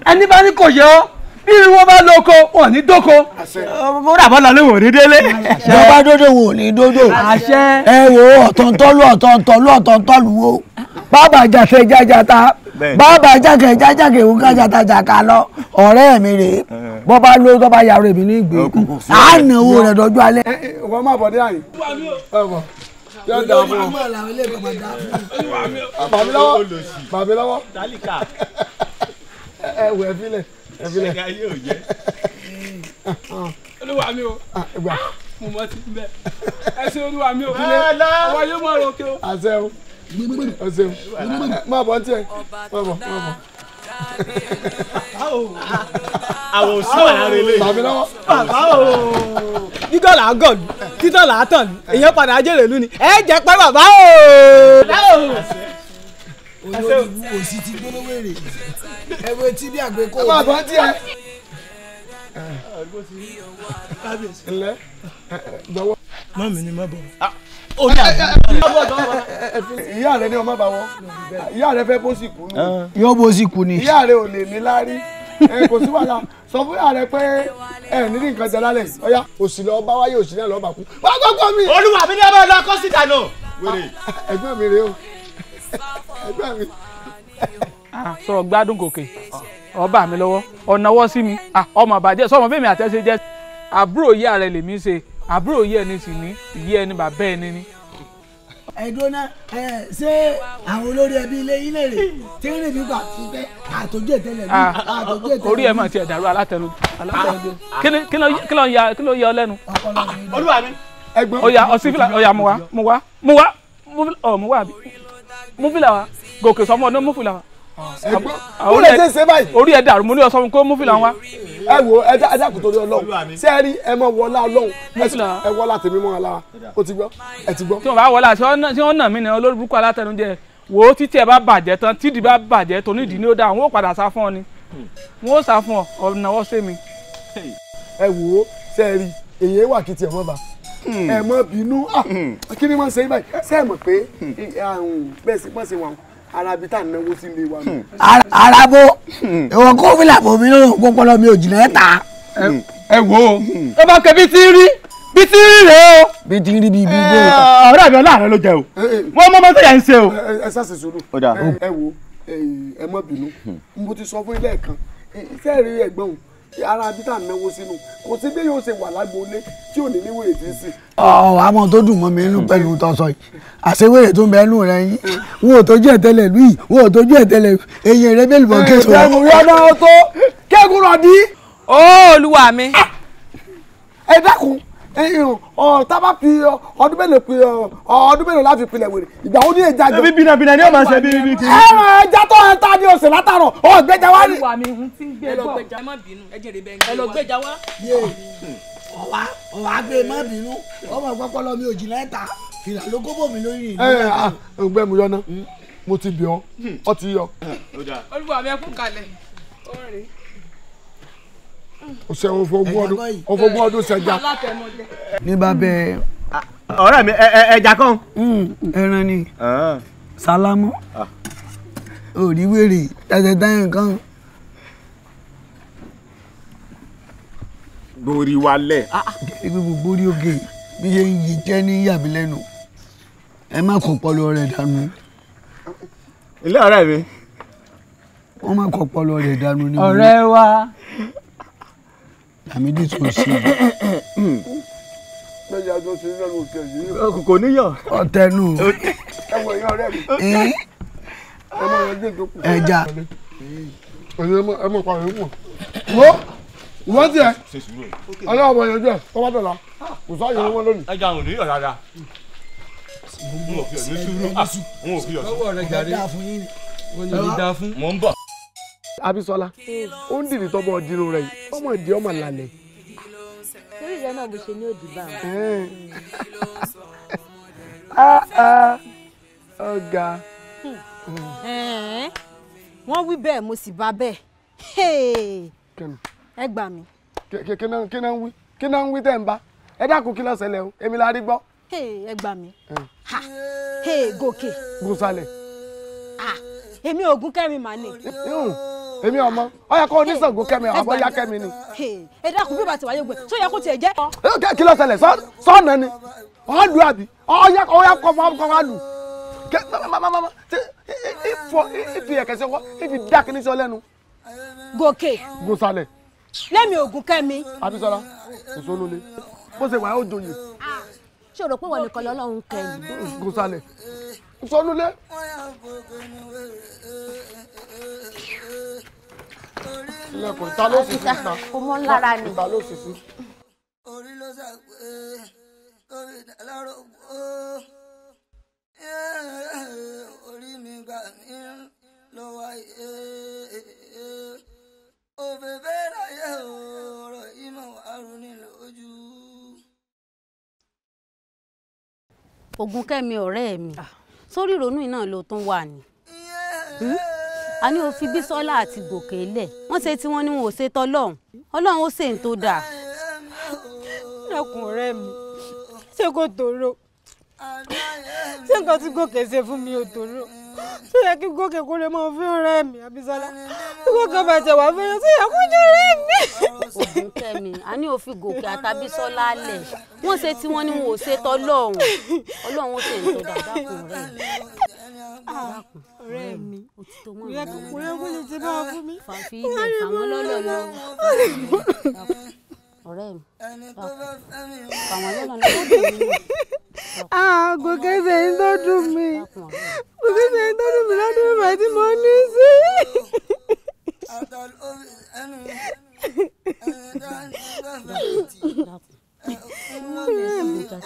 ẹni bá ní kò yẹ ọ́ bí wọ́n bá lóko wọn ní dóko mo rà bọ́lá ló wò ní délé. ìjọba dódò wò ní dódò ẹ wo ọ̀tọ̀ntọ́lù ọ̀tọ̀ntọ́lù ọ̀tọ̀ntọ́lù wo bàbá jàfẹ́ jájáta bàbá jákè jájákè òun ká jàtà jàkà lọ ọ̀rẹ́ mi rèé bọ́ bá ló tó bá yàrá èmi ní ìgbé á nà owó rẹ̀ dọ́jú alẹ́. wọ́n máa bọ̀ dé àyè bàbí lọ́wọ́ bàbí lọ́wọ́ ẹ wọ ẹ filẹ ẹ filẹ. ṣẹ́ga yóò jẹ́ (laughs) olúwa mi o ah, mo mọ ti bẹ ẹ ṣe olúwa mi o ilé ọwọ́ yóò mọ̀ ọ́ kí o. àṣẹ o àṣẹ o máa bọ̀ ntí ẹ máa bọ̀ máa bọ̀. àwọn òsì wà lára ilé yìí. bàbá o títọ́ là á gàn ní títọ́ là á tàn ní èèyàn padà ajẹ́rẹ̀lú ni ẹ jẹ́ pé bàbá o olórí wú òsì ti gbóná wèrè ẹwọ etí bí àgbẹ̀ kò wọ́n. àbọ̀ tí ẹ. ǹlẹ́ gbọ́wọ́. má mi ni má bọ̀. ó ní àbọ̀. ìyá rẹ ni ọmọ bá wọ ìyá rẹ fẹ́ bó sì kú ni. yóò bó sì kú ni. ìyá rẹ ò lè ní láárí kò sí wàhálà sọ fún yàrá pé ẹ nídìí nǹkan jẹ lálẹ́ ọyá òsì lọ bá wáyé òsì náà lọ bá kú. wọ́n gbọ́dọ̀ mi. olúwa mi ní ẹ lọ kọ́sítà náà. ẹgbẹ́ mi rèé o sọ̀rọ̀ gbádùn gòkè ọba mi lọ́wọ́ ọ̀nàwọ́ sí mi ọmọ àbàjẹ́ sọ́mọ bẹ́ẹ̀ mi àtẹ́sẹ́ jẹ́ àbúrò yíyá rẹ̀ lèmi ṣe àbúrò yíyá ẹni sì ní ìyá ẹni bàbá ẹni ní. ẹ̀dọ́nà ẹ ṣé àwọn olórí ẹbí ilé yín lè rè tí rìn nígbà tí pé àtòjú ètẹ́lẹ̀ ní àtòjú ètẹ́lẹ̀. orí ẹ̀ mọ̀ ti ẹ̀dàrú alátẹnu kí ló ń ya kí ló ń ya ọ lẹ́nu. olúwa mi. ẹ̀gbọ́n ọya ọsibila ọya mu wa mu wa mu wa ọ mu wa bi múfìlà wa gòkè sọmọ ọdún múfìlà wa. ó lè ṣe é ṣe báyìí. orí ẹ dàrú mo ní ọsọ fún kó múfìlà wa. ẹ wo ẹ já ẹjá kò torí Ọlọ́run ṣé ẹ rí ẹ mọ wọlá Ọlọ́run ẹ wọlá tèmi mọ alára ó ti gbọ́ ẹ ti gbọ́. tí wọn bá wọlá tí wọn nà mí ni olórí burúkú alátẹnujẹ wo títí ẹ bá bàjẹ́ tán tídìí bá bàjẹ́ tonídìí ni ó dáa wọn ó padà sá fún ọ ni wọn ó sá fún ọ ọ̀nà ọ èyí wà kí tiẹ̀ wọ́n bá hmm. ẹ mọ bínú ah, hmm. kí ni wọ́n ṣe báyìí sẹ́ẹ̀mọ̀ pé eh, ah, hmm, bẹ́ẹ̀ sí wọn ara tá à náwó sí ilé wa. ara ìwọ kó fìlà bò mí lórí òpópónà mi ò jìnnà ẹ ta. ẹ wo ó bá kẹ bí ti rí bí ti rí rèé o. bí ti rí bí bí bó. Eh, ọ̀rẹ́ àbí ọlá rẹ ló jẹ o eh, wọ́n mọ́ mọ́tò yẹn ń ṣe o. ẹ ṣáà sùúrù ẹ wo ẹ mọ bínú mo ti sọ fún ilé ẹ̀ kan iṣẹ́ rí ẹ̀gbọ́n ara bí tá à ń náwó sínú kò sí bí yóò ṣe wà lágboolé tí ò ní ní wèrè tí ń sìn. ọ àmọ́ tó dùn mọ́ mi nínú pẹ̀lú tọsọ yìí àṣewèrè tó ń bẹ nù rẹ yín wọn ò tójú ẹ tẹ́lẹ̀ lù yìí wọn ò tójú ẹ tẹ́lẹ̀ eyín rẹ bẹ́ẹ̀ lùbọn késo. kẹgùn yọdọ tó kẹgùn rọ ó olúwa mi. Ah! ẹ dákun tábà fi ọdún mélòó fi ọdún mélòó láti pilẹ̀ wèrè ìgbà ó ní ẹja jọ. ebi bina bina ni o ma ṣe bí ibi kiri. ẹ̀rọ ẹja tó ń ta ni o ṣe ọ gbẹja wá. ìwà mi ń ti gbé bọ̀ ẹ lọ gbẹja wá. ọ̀wá ọ̀wá gbé má bínú ọmọ ìpọ́pọ́lọ́ mi ò jìnnà ẹ̀ ta ló kó bò lórí ìlú. ẹ ẹ ọgbẹ́ mi yọ mo ti bì ọ́ ọ ti yọ. olúwa mi ẹ kú kalẹ̀ ó rèé ọsẹ ọfọgbọn ọdún ọfọgbọn ọdún sẹjà. ní bàbẹ. ọ̀rẹ́ mi ẹja kan. Hmm, ẹran ni ah. sálámù òríwèrè ah. tẹ̀sẹ̀ táyà kan. borí wálẹ̀. Ah, ebi mo borí oge bí ṣe ń yí jẹ́ ní yàbí lẹ́nu ẹ má kọ́ pọ́lọ rẹ̀ dànù. ilé ọ̀rẹ́ mi. wọ́n má kọ́ pọ́lọ rẹ̀ dànù ni. ọ̀rẹ́ wa àmì dì tó sí i. lẹ́yìn àjọ ṣe lẹ́nu òkè yìí. kò níyọ. ọ̀tẹ̀nu. ẹ̀wọ̀n ìyá ọ̀rẹ́ mi. ẹ̀mọ yẹn gbé ìdókòwò. ẹja. ẹ̀mọ pa ìlú mọ̀. wo wọ́n ti ẹ̀ ọlọ́wọ́ ọmọ yẹn jẹ́ ọba dọ̀la kò sọ àyẹ̀wò wọn lónìí. ẹja ò ní yọ̀ dáadáa. Ah, n ò fi ọ̀ ní sùúrù n ò fi ọ̀ ní ìdá fún. ń bọ̀ abisola ó ń dìrì tọ́bọ̀ ọdínú rẹ yìí ọmọ ìdí ọmọ làlẹ̀. lórí ìyá náà bó ṣe ní òdì bá wọn. (laughs) Ah, ah. ọ̀gá. wọ́n wí bẹ́ẹ̀ mo sì bá bẹ́ẹ̀ ẹ gbà mí. kí náà ń wí kí náà ń wí tẹ̀ ń bá ẹ dákun kí ló ṣẹlẹ̀ o èmi la rí gbọ́. ẹ gbà mí ha gòkè. gòsàlẹ̀. èmi ògún kẹ́mi màá ní èmi ọmọ ọ yẹ kó ní Ṣàngó kẹmi àbọ̀ yá kẹmi ni. ẹ dákun bí bàtí wáyé gbẹ tó yẹ kó tiẹ̀ jẹ́. ẹ kẹ́ kí ló ṣẹlẹ̀ sọ́ọ̀nà ni ọ̀ lù àbí ọ̀ yẹ kọ́ kọ́ wá lù kẹ mamamama ifọ ifi ẹkẹsẹ wọ ifi dákì ní sọ lẹ́nu. gòkè. gòsàlẹ̀. lẹ́mi ògùn kẹ́mi. abisola òsolóle bó ṣe wà ó joyè. Ah, ṣé o rò pé wọn nìkan lọ́lọ́run kẹ́yìn. gòsàlẹ̀ òsolóle ilẹ̀kùn ìta ló sì sí ìta kò mọ́ lára ni ìta ló sì sí. orí ló mi sórí ìrònú iná ló tún wà ní a ní o fi Bísọ́lá àti Gòkè lẹ̀ wọ́n ṣe tí wọ́n ní wọn ò ṣe tọ́lọ́hún Ọlọ́run ó ṣe ń tó dáa. dákun ọ̀rẹ́ mi ṣé kò tòrò ṣé nǹkan tí Gòkè ṣe fún mi ò tòrò tó yẹ kí gòkè kó lè mọ fún ọ̀rẹ́ mi Abísọ́lá gòkè bàtẹ wà fún yẹn tó yẹ kó jẹ ọ̀rẹ́ mi. ògùn a ní òfin gòkè àtàbísọ́lá lẹ wọn ṣe tí wọn ní wọn ò ṣe tọlọ́run Ọlọ́run ó ṣe nǹkan dàgbà fún ọ̀rẹ́ ọ̀rẹ́ mi ìyá kòkòrò kò lè ti bá wa fún mi. fàfi ilé fàwọn lọ́lọ́ lọ ọ̀rẹ́ mi fàwọn lọ́lọ́ lọ́wọ́ ah kò kẹsẹ̀ yín tó dùn mí kò kẹsẹ̀ yín tó dùn mí láti bí bàtí mo ní sí. wọ́n ṣe fún wọn ní ìṣèjọ́ náà. tàjọ́ sọ̀kẹ́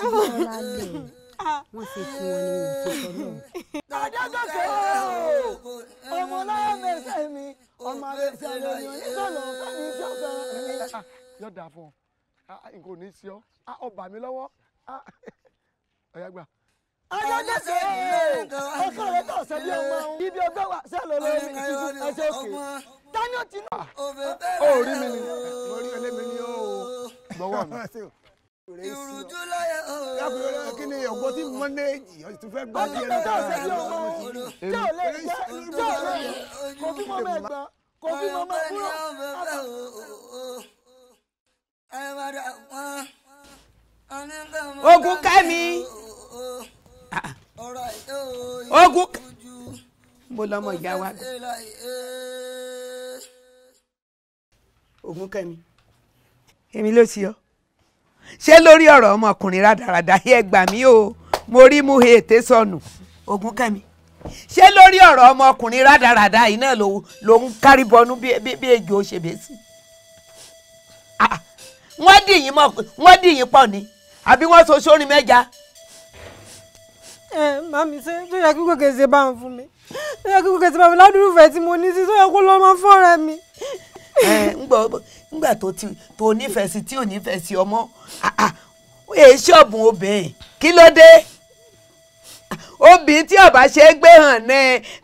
ọmọ ọlọ́yọ̀ mẹ́sẹ̀ mi ọmọ abẹ́sẹ̀ lórí oníṣòlò fẹ́mi ìjọba. yọ̀dà fún ọ ah, nǹkan ò ní í ṣe ọ ọ ah, bà lọ́wọ́. Ah ọ̀yá gbà. ayọ̀dẹ́sẹ̀ ọkọ rẹ tó ọ̀sẹ̀ bí ọmọ òun ibi ọgbẹ́ wa ṣe lọ lórí mi títí òkè tani ó ti nà. rí mi ni mo rí ẹlẹ́mi ni ó gbọ́wọ́ mi. ogun kẹ́mi. Ah, ah. ogun mo lọmọ ìyá wa gbà ogun kẹmi èmi ló ti yọ ṣé lórí ọ̀rọ̀ ọmọkùnrin rádaràda yẹ gbà mí o mo rí mú ètè sọnù ogun kẹmi ṣé lórí ọ̀rọ̀ ọmọkùnrin rádaràda yìí náà ló ń kárí bọnú bí ejò ṣe bẹ́ẹ̀ sí ah, wọ́n dìyìn pọ̀ ni àbí wọ́n so sórin mẹ́ja ẹ màmí ṣe tó yẹ kí Gòkè ṣe bá ń fún mi tó yẹ kí Gòkè ṣe bá mi ládùúfẹ́ tí mo ní sí tó yẹ kó lọ́ máa fọ́ra mi. ẹ ńgbà tó ti tó nífẹ̀ẹ́ sí tí ò nífẹ̀ẹ́ sí ọmọ èyí ṣọ́ọ̀bù obìnrin kí ló dé obìnrin tí ọba ṣe é gbé hàn ní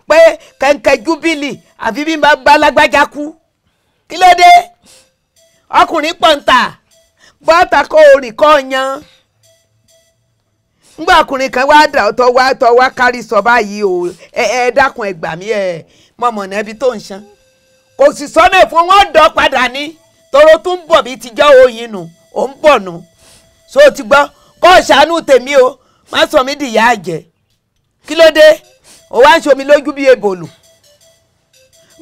pé kẹ̀kẹ́ júbìlì àfi bí bá bá lágbájá kú kí ló dé ọkùnrin pọ̀ ń ta bọ́ọ̀tà kó o rìn kọ́ yan ngbà ọkùnrin kan wá dà tọ́ wá tọ́ wá kárí sọ báyìí o ẹ ẹ dákun ẹ gbà mí ẹ mọ̀mọ́ nẹ́bi tó ń ṣan kò sì sọ́nà fún wọn dọ̀ padà ní toro tún bọ̀ bí tijọ́ oyin nù ó ń bọ̀ nù so ti gbọ́ kó o ṣàánú tèmi o má sọ mí dìyà àjẹ́ kí ló dé o wá ń ṣomi lójú bí ebòlù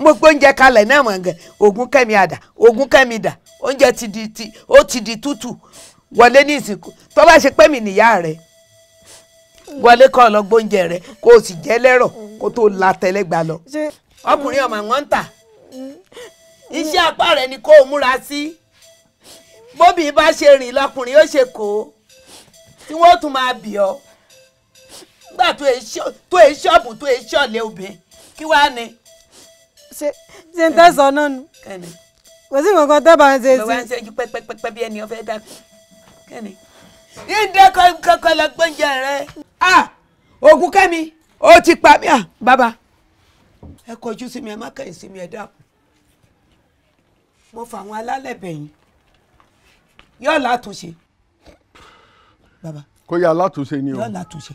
mo gbé oúnjẹ kalẹ̀ náà mọ̀ ngẹ̀ ògùn kẹ́mi àdà ògùn kẹ́mi dà oúnjẹ ti di ti ó ti di tútù wọlé ní ìsìnkú tó bá ṣe pé mi nìyá rẹ̀ wọlé kọ́ lọ gbóúnjẹ rẹ kó o sì jẹ́ lẹ́rọ̀ kó tó la tẹ́lẹ́gbà lọ. ọkùnrin ọmọ wọn ń tà mm. iṣẹ́ apá rẹ̀ ni kó o múra sí bóbi bá ṣe rìn lọkùnrin ó ṣe kó o tí wọ́n tún máa bì ọ́ gbà e tó e ṣọ́ọ̀bù tó e ṣọ́ọ̀lẹ̀ obìnrin kí wàá ní. ṣe ṣe ń tẹ̀sán náà nù kò sí nǹkan tẹ́ bá ń ṣe sí. lọ́wọ́ ń ṣe ju pẹ́pẹ́pẹ́ bí ẹni ọ dá kẹ́ni ìdè kankan lọ gbọ́njẹ rẹ. a ogun kẹ́mi ó ti pa mí à bàbá ẹ kọjú sí mi ẹ má kẹ́yìn sí mi ẹ dákun mo fà àwọn alálẹ̀ bẹ̀yìn yóò látúnṣe bàbá. kó yá látúnṣe ni o yóò látúnṣe.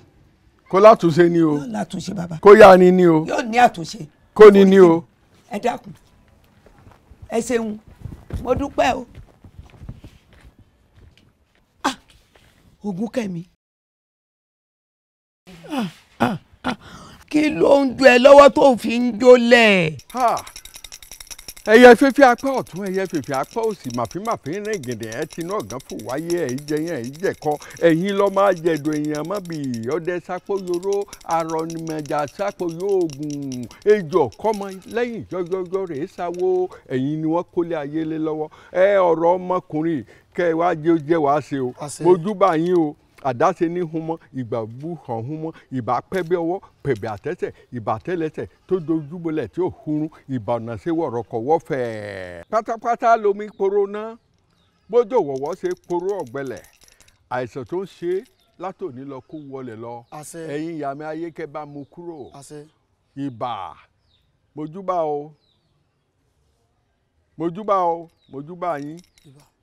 kó látúnṣe ni o yóò látúnṣe bàbá. kó yá ni ni o yóò ní àtúnṣe. kó ni ni o. ẹ dákun ẹ ṣeun mo dúpẹ́ o. Ògúnkẹ́mi. Ah, ah, ah. kí ló ń dùn ẹ lọ́wọ́ tó fi ń jólẹ̀. ẹyẹ fífi apá ọ̀tún ẹyẹ fífi apá òsì màfímàfí rìn gèdè ẹ tinú ọ̀gán fún wáyé ẹ̀ jẹyàn ẹ̀ jẹ̀kọ ẹ̀yin lọ́ máa jẹ̀dọ̀ èèyàn mọ́ bí ọdẹ sápóyoró arọnìmọ̀jà sápóyó oògùn ejò kọ́mọ lẹ́yìn yọ́yọ́yọ́ rèé sáwó ẹ̀yin ni wọ́n kólé ayé lé lọ́wọ́ ẹ ọ̀rọ̀ ọmọkùnrin kẹ́ wá jẹ́ jẹ́ ṣe o mojúbà yín o àdáṣe ní humọ ìgbà búhọ humọ ìbá pẹbẹ ọwọ́ pẹbẹ àtẹsẹ̀ ìbá tẹlẹsẹ̀ tó dojúbolẹ̀ tí ò hurun ìbá ọ̀nà ṣe wọ̀rọ̀kọ̀ wọ́fẹ̀. pátápátá lomi poro ná bójú òwòwọ́ ṣe poro ọ̀gbẹ́lẹ̀ àìsàn tó ń ṣe látòní lọ kó wọlé lọ ẹ̀yin ìyàmẹ́ ayé kẹ́ bá mu kúrò ìbà mojúbà o mojúbà o mojúbà yín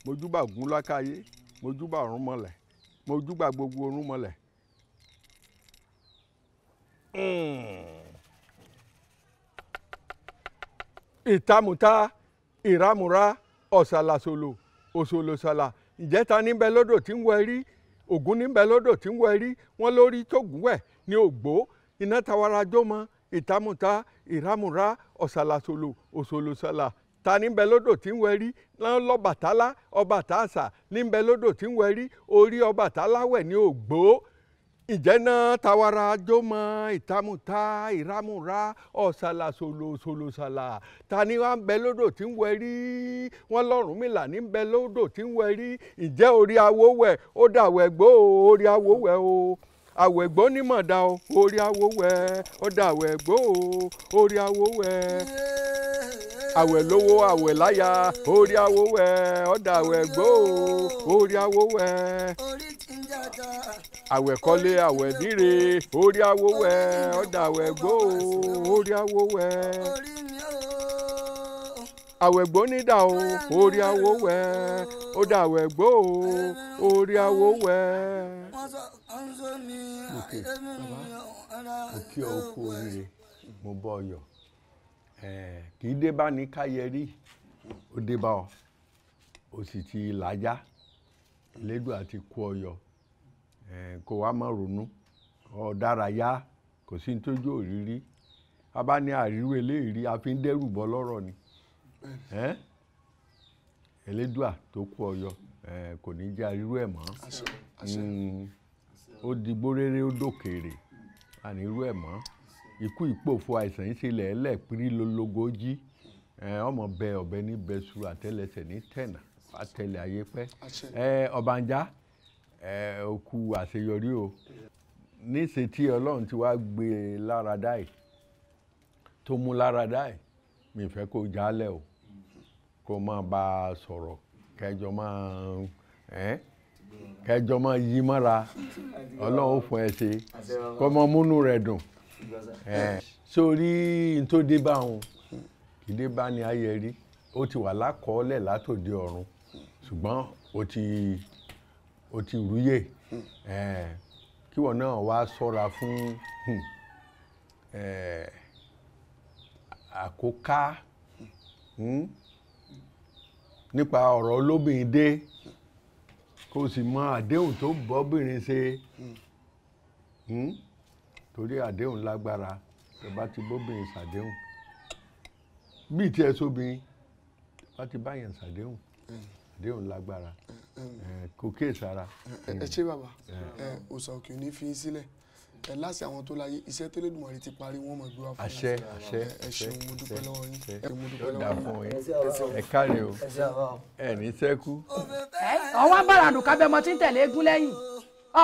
mo júbà ògún lákàyé mo júbà ọ̀run mọ̀lẹ̀ mo júbà gbogbo ọ̀run mọ̀lẹ̀. Hmm. ìtamùta ìramùra ọ̀sàlàsòlò òsòlòsàlà ìjẹta níbẹ̀ lọ́dọ̀ tí ń wọ ẹrí ògún níbẹ̀ lọ́dọ̀ tí ń wọ ẹrí wọn lórí tógùn wẹ̀ ní ògbó iná tawara jọmọ ìtamùta ìramùra ọ̀sàlàsòlò òsòlòsàlà ta ní bẹ lódò tí ń wẹrí lọ́bàtálá Ọbàtásà ní bẹ lódò tí ń wẹrí orí wẹ̀ ní ògbó náà tawara jómọ ìtamùta ìramùra ọ̀sàlà sòlòsòlòsàlà ta ni wọ́n bẹ lódò tí ń wọ́n ní bẹ lódò tí ń ìjẹ́ orí ó orí o ní mọ̀dá o orí ó orí àwẹ̀ lówó àwẹ̀ láyà orí awo wẹ̀ ọ̀dà àwẹ̀ gbó orí awo wẹ̀ àwẹ̀ kọ́lé àwẹ̀ díre orí awo wẹ̀ ọ̀dà àwẹ̀ gbó orí awo wẹ̀ àwẹ̀ gbó nídà o orí awo wẹ̀ ó dà àwẹ̀ gbó o orí awo wẹ̀. Okay. Okay. Okay. Okay. Okay. Okay. Okay. Okay Eh, kì í dé bá ní káyẹrí ó dé bá ọ ó sì ti làájá lẹ́dùn àti kú ọyọ eh, kó wá má ronú ọ ọ̀dárayá kò sí ní tójú òrírí abáni àríwé eléyìí a fi ń dẹ́rù bọ́ lọ́rọ̀ ni ẹlẹ́dùà eh, tó kú ọyọ kò ní jẹ́ àríwé ẹ̀ mọ́ hmm, ó di gbóréré ó dòkèrè àníwé ẹ̀ mọ́. ikú ìpòfo àìsàn yìí ṣe lẹ́ẹ̀lẹ́ pírí lológójì ọmọ bẹ ọbẹ ní bẹsùrù àtẹlẹsẹ ní tẹnà àtẹlẹ ayé pẹ ọbànjá òkú àṣeyọrí o níṣe tí ọlọ́run ti wá gbé e lára dáì tó mú lára dáì mi fẹ́ kó jálẹ̀ o kó máa bá a sọ̀rọ̀ kẹjọ máa kẹjọ máa yí mọ́ra ọlọ́run fún ẹ ṣe kó máa múnú rẹ̀ dùn sórí eh. n tó dé bá wọn kì í dé bá ní ayẹ rí ó ti wà lákọọ́lẹ̀ látòde ọ̀run ṣùgbọ́n ó ti ó ti rúyè kíwọ náà wá ṣọ́ra fún hmm, àkóká hmm, nípa ọ̀rọ̀ olóbìnrin dé kó o sì mọ àdéhùn tó bọ́bìnrin ṣe. Mm. Mm? torí àdéhùn lágbára tẹ́ bá ti bóbìnrin ṣàdéhùn bíi tí ẹ sóbìnrin tẹ́ bá ti báyẹn ṣàdéhùn àdéhùn lágbára kò kéè sára. ẹ ṣé bàbá òòsàn òkè ò ní fi sílẹ̀ ẹ láti àwọn tó láyé iṣẹ́ tó lè ti parí wọ́n mọ̀ gbé wá fún mi. àṣẹ àṣẹ ẹ ṣeun mo dúpẹ́ lọ́wọ́ yín ẹ mo dúpẹ́ lọ́wọ́ yín ẹ káre o ẹ ní sẹ́kù. ọwọ́ bàràdùn kábẹ́mọ tí ń tẹ̀lé egún lẹ́yìn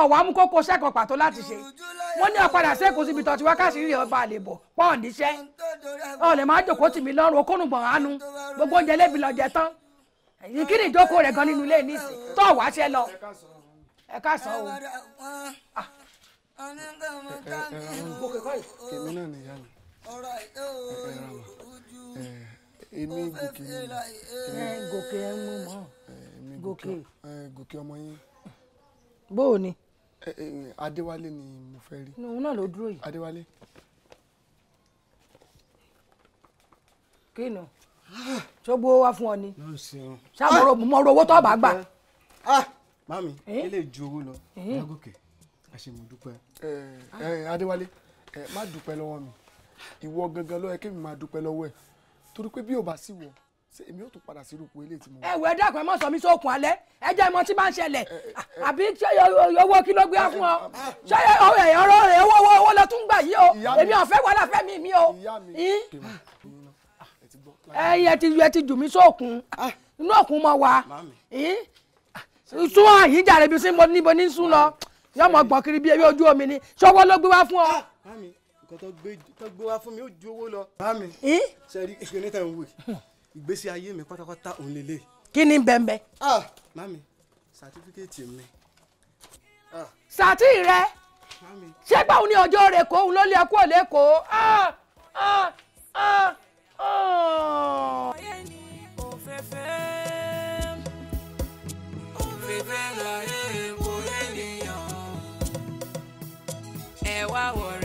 ọ̀wá mú kókó sẹ́kọ̀ọ́ pàtó láti ṣe wọ́n ní ọ̀padà sẹ́kọ̀ọ́ síbi tọ́tí wákàtí rírẹ̀ ọba àlèbọ̀ pọ́ọ̀n níṣẹ́ ọ̀lẹ̀ máa jòkó tì mí lọ́rùn okórùngbọ̀n àánú gbogbo oúnjẹ lébi lọ́jẹ tán èyí kí ni ìjókòó rẹ̀ gan nínú ilé níìsì tó ọ̀wá ṣẹ́ lọ ẹ káàsán o. èmi náà nìyá mi èmi gòkè mi gòkè ẹ mú mọ gòkè ọmọ yín. bó ni. Adéwálé ni mo fẹ́ rí. Òun náà ló dúró yìí. Adéwálé. Kí nà? Ṣogbo wa fún ọ ni. Ṣàmúrò mo owó tó bá gbà. Ah! Ah! Mami, eh? ilé ju owó lọ, Lágòkè, eh? àṣemọ̀dúpẹ́. Eh, Adéwálé, má dúpẹ́ lọ́wọ́ mi. Ìwọ gangan ló yẹ kí mi máa dúpẹ́ lọ́wọ́ ẹ̀. Torí pé bí ò bá sí wọ̀, ṣé èmi ò tún padà sí irúkú eléyìí tí mo. ẹ wẹ dàgbà ẹ mọ sọ mi sókun alẹ́ ẹ jẹ ìmọ tí bá ń ṣẹlẹ̀ àbí owó kí ló gbé wá fún ọ ah, ah. ṣé ọ̀rọ̀ rẹ owó owó owó lọ tún gbà yìí o èmi ọ̀fẹ́ wàhálà fẹ́ mi mi o. ẹ̀yin ah, ẹ ti ẹ ti jù mí sókun inú òkun mọ wa sún àyín jàre bí mo níbo ní sún lọ yọmọ gbọ̀n kiri bí ewé ojú omi ni ṣọwọ́ ló gbé wá fún ọ nǹkan tó gbé wá fún mi ó ju owó lọ. báàmì sẹ́ẹ̀rí ìpínlẹ̀ tẹ̀ ń ìgbésí ayé mi pátápátá òun lélẹ̀. kí ni bẹ́ẹ̀nbẹ́. ah mami sàtífíkẹ́ẹ̀tì mi. Ah. sàtì rẹ ṣé gbà òun ní ọjọ́ rẹ̀ kó òun ló lé ẹkú òlé kó. ọ̀yẹ́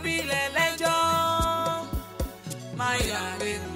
orílẹ̀ lẹ́jọ́ máa yàwé.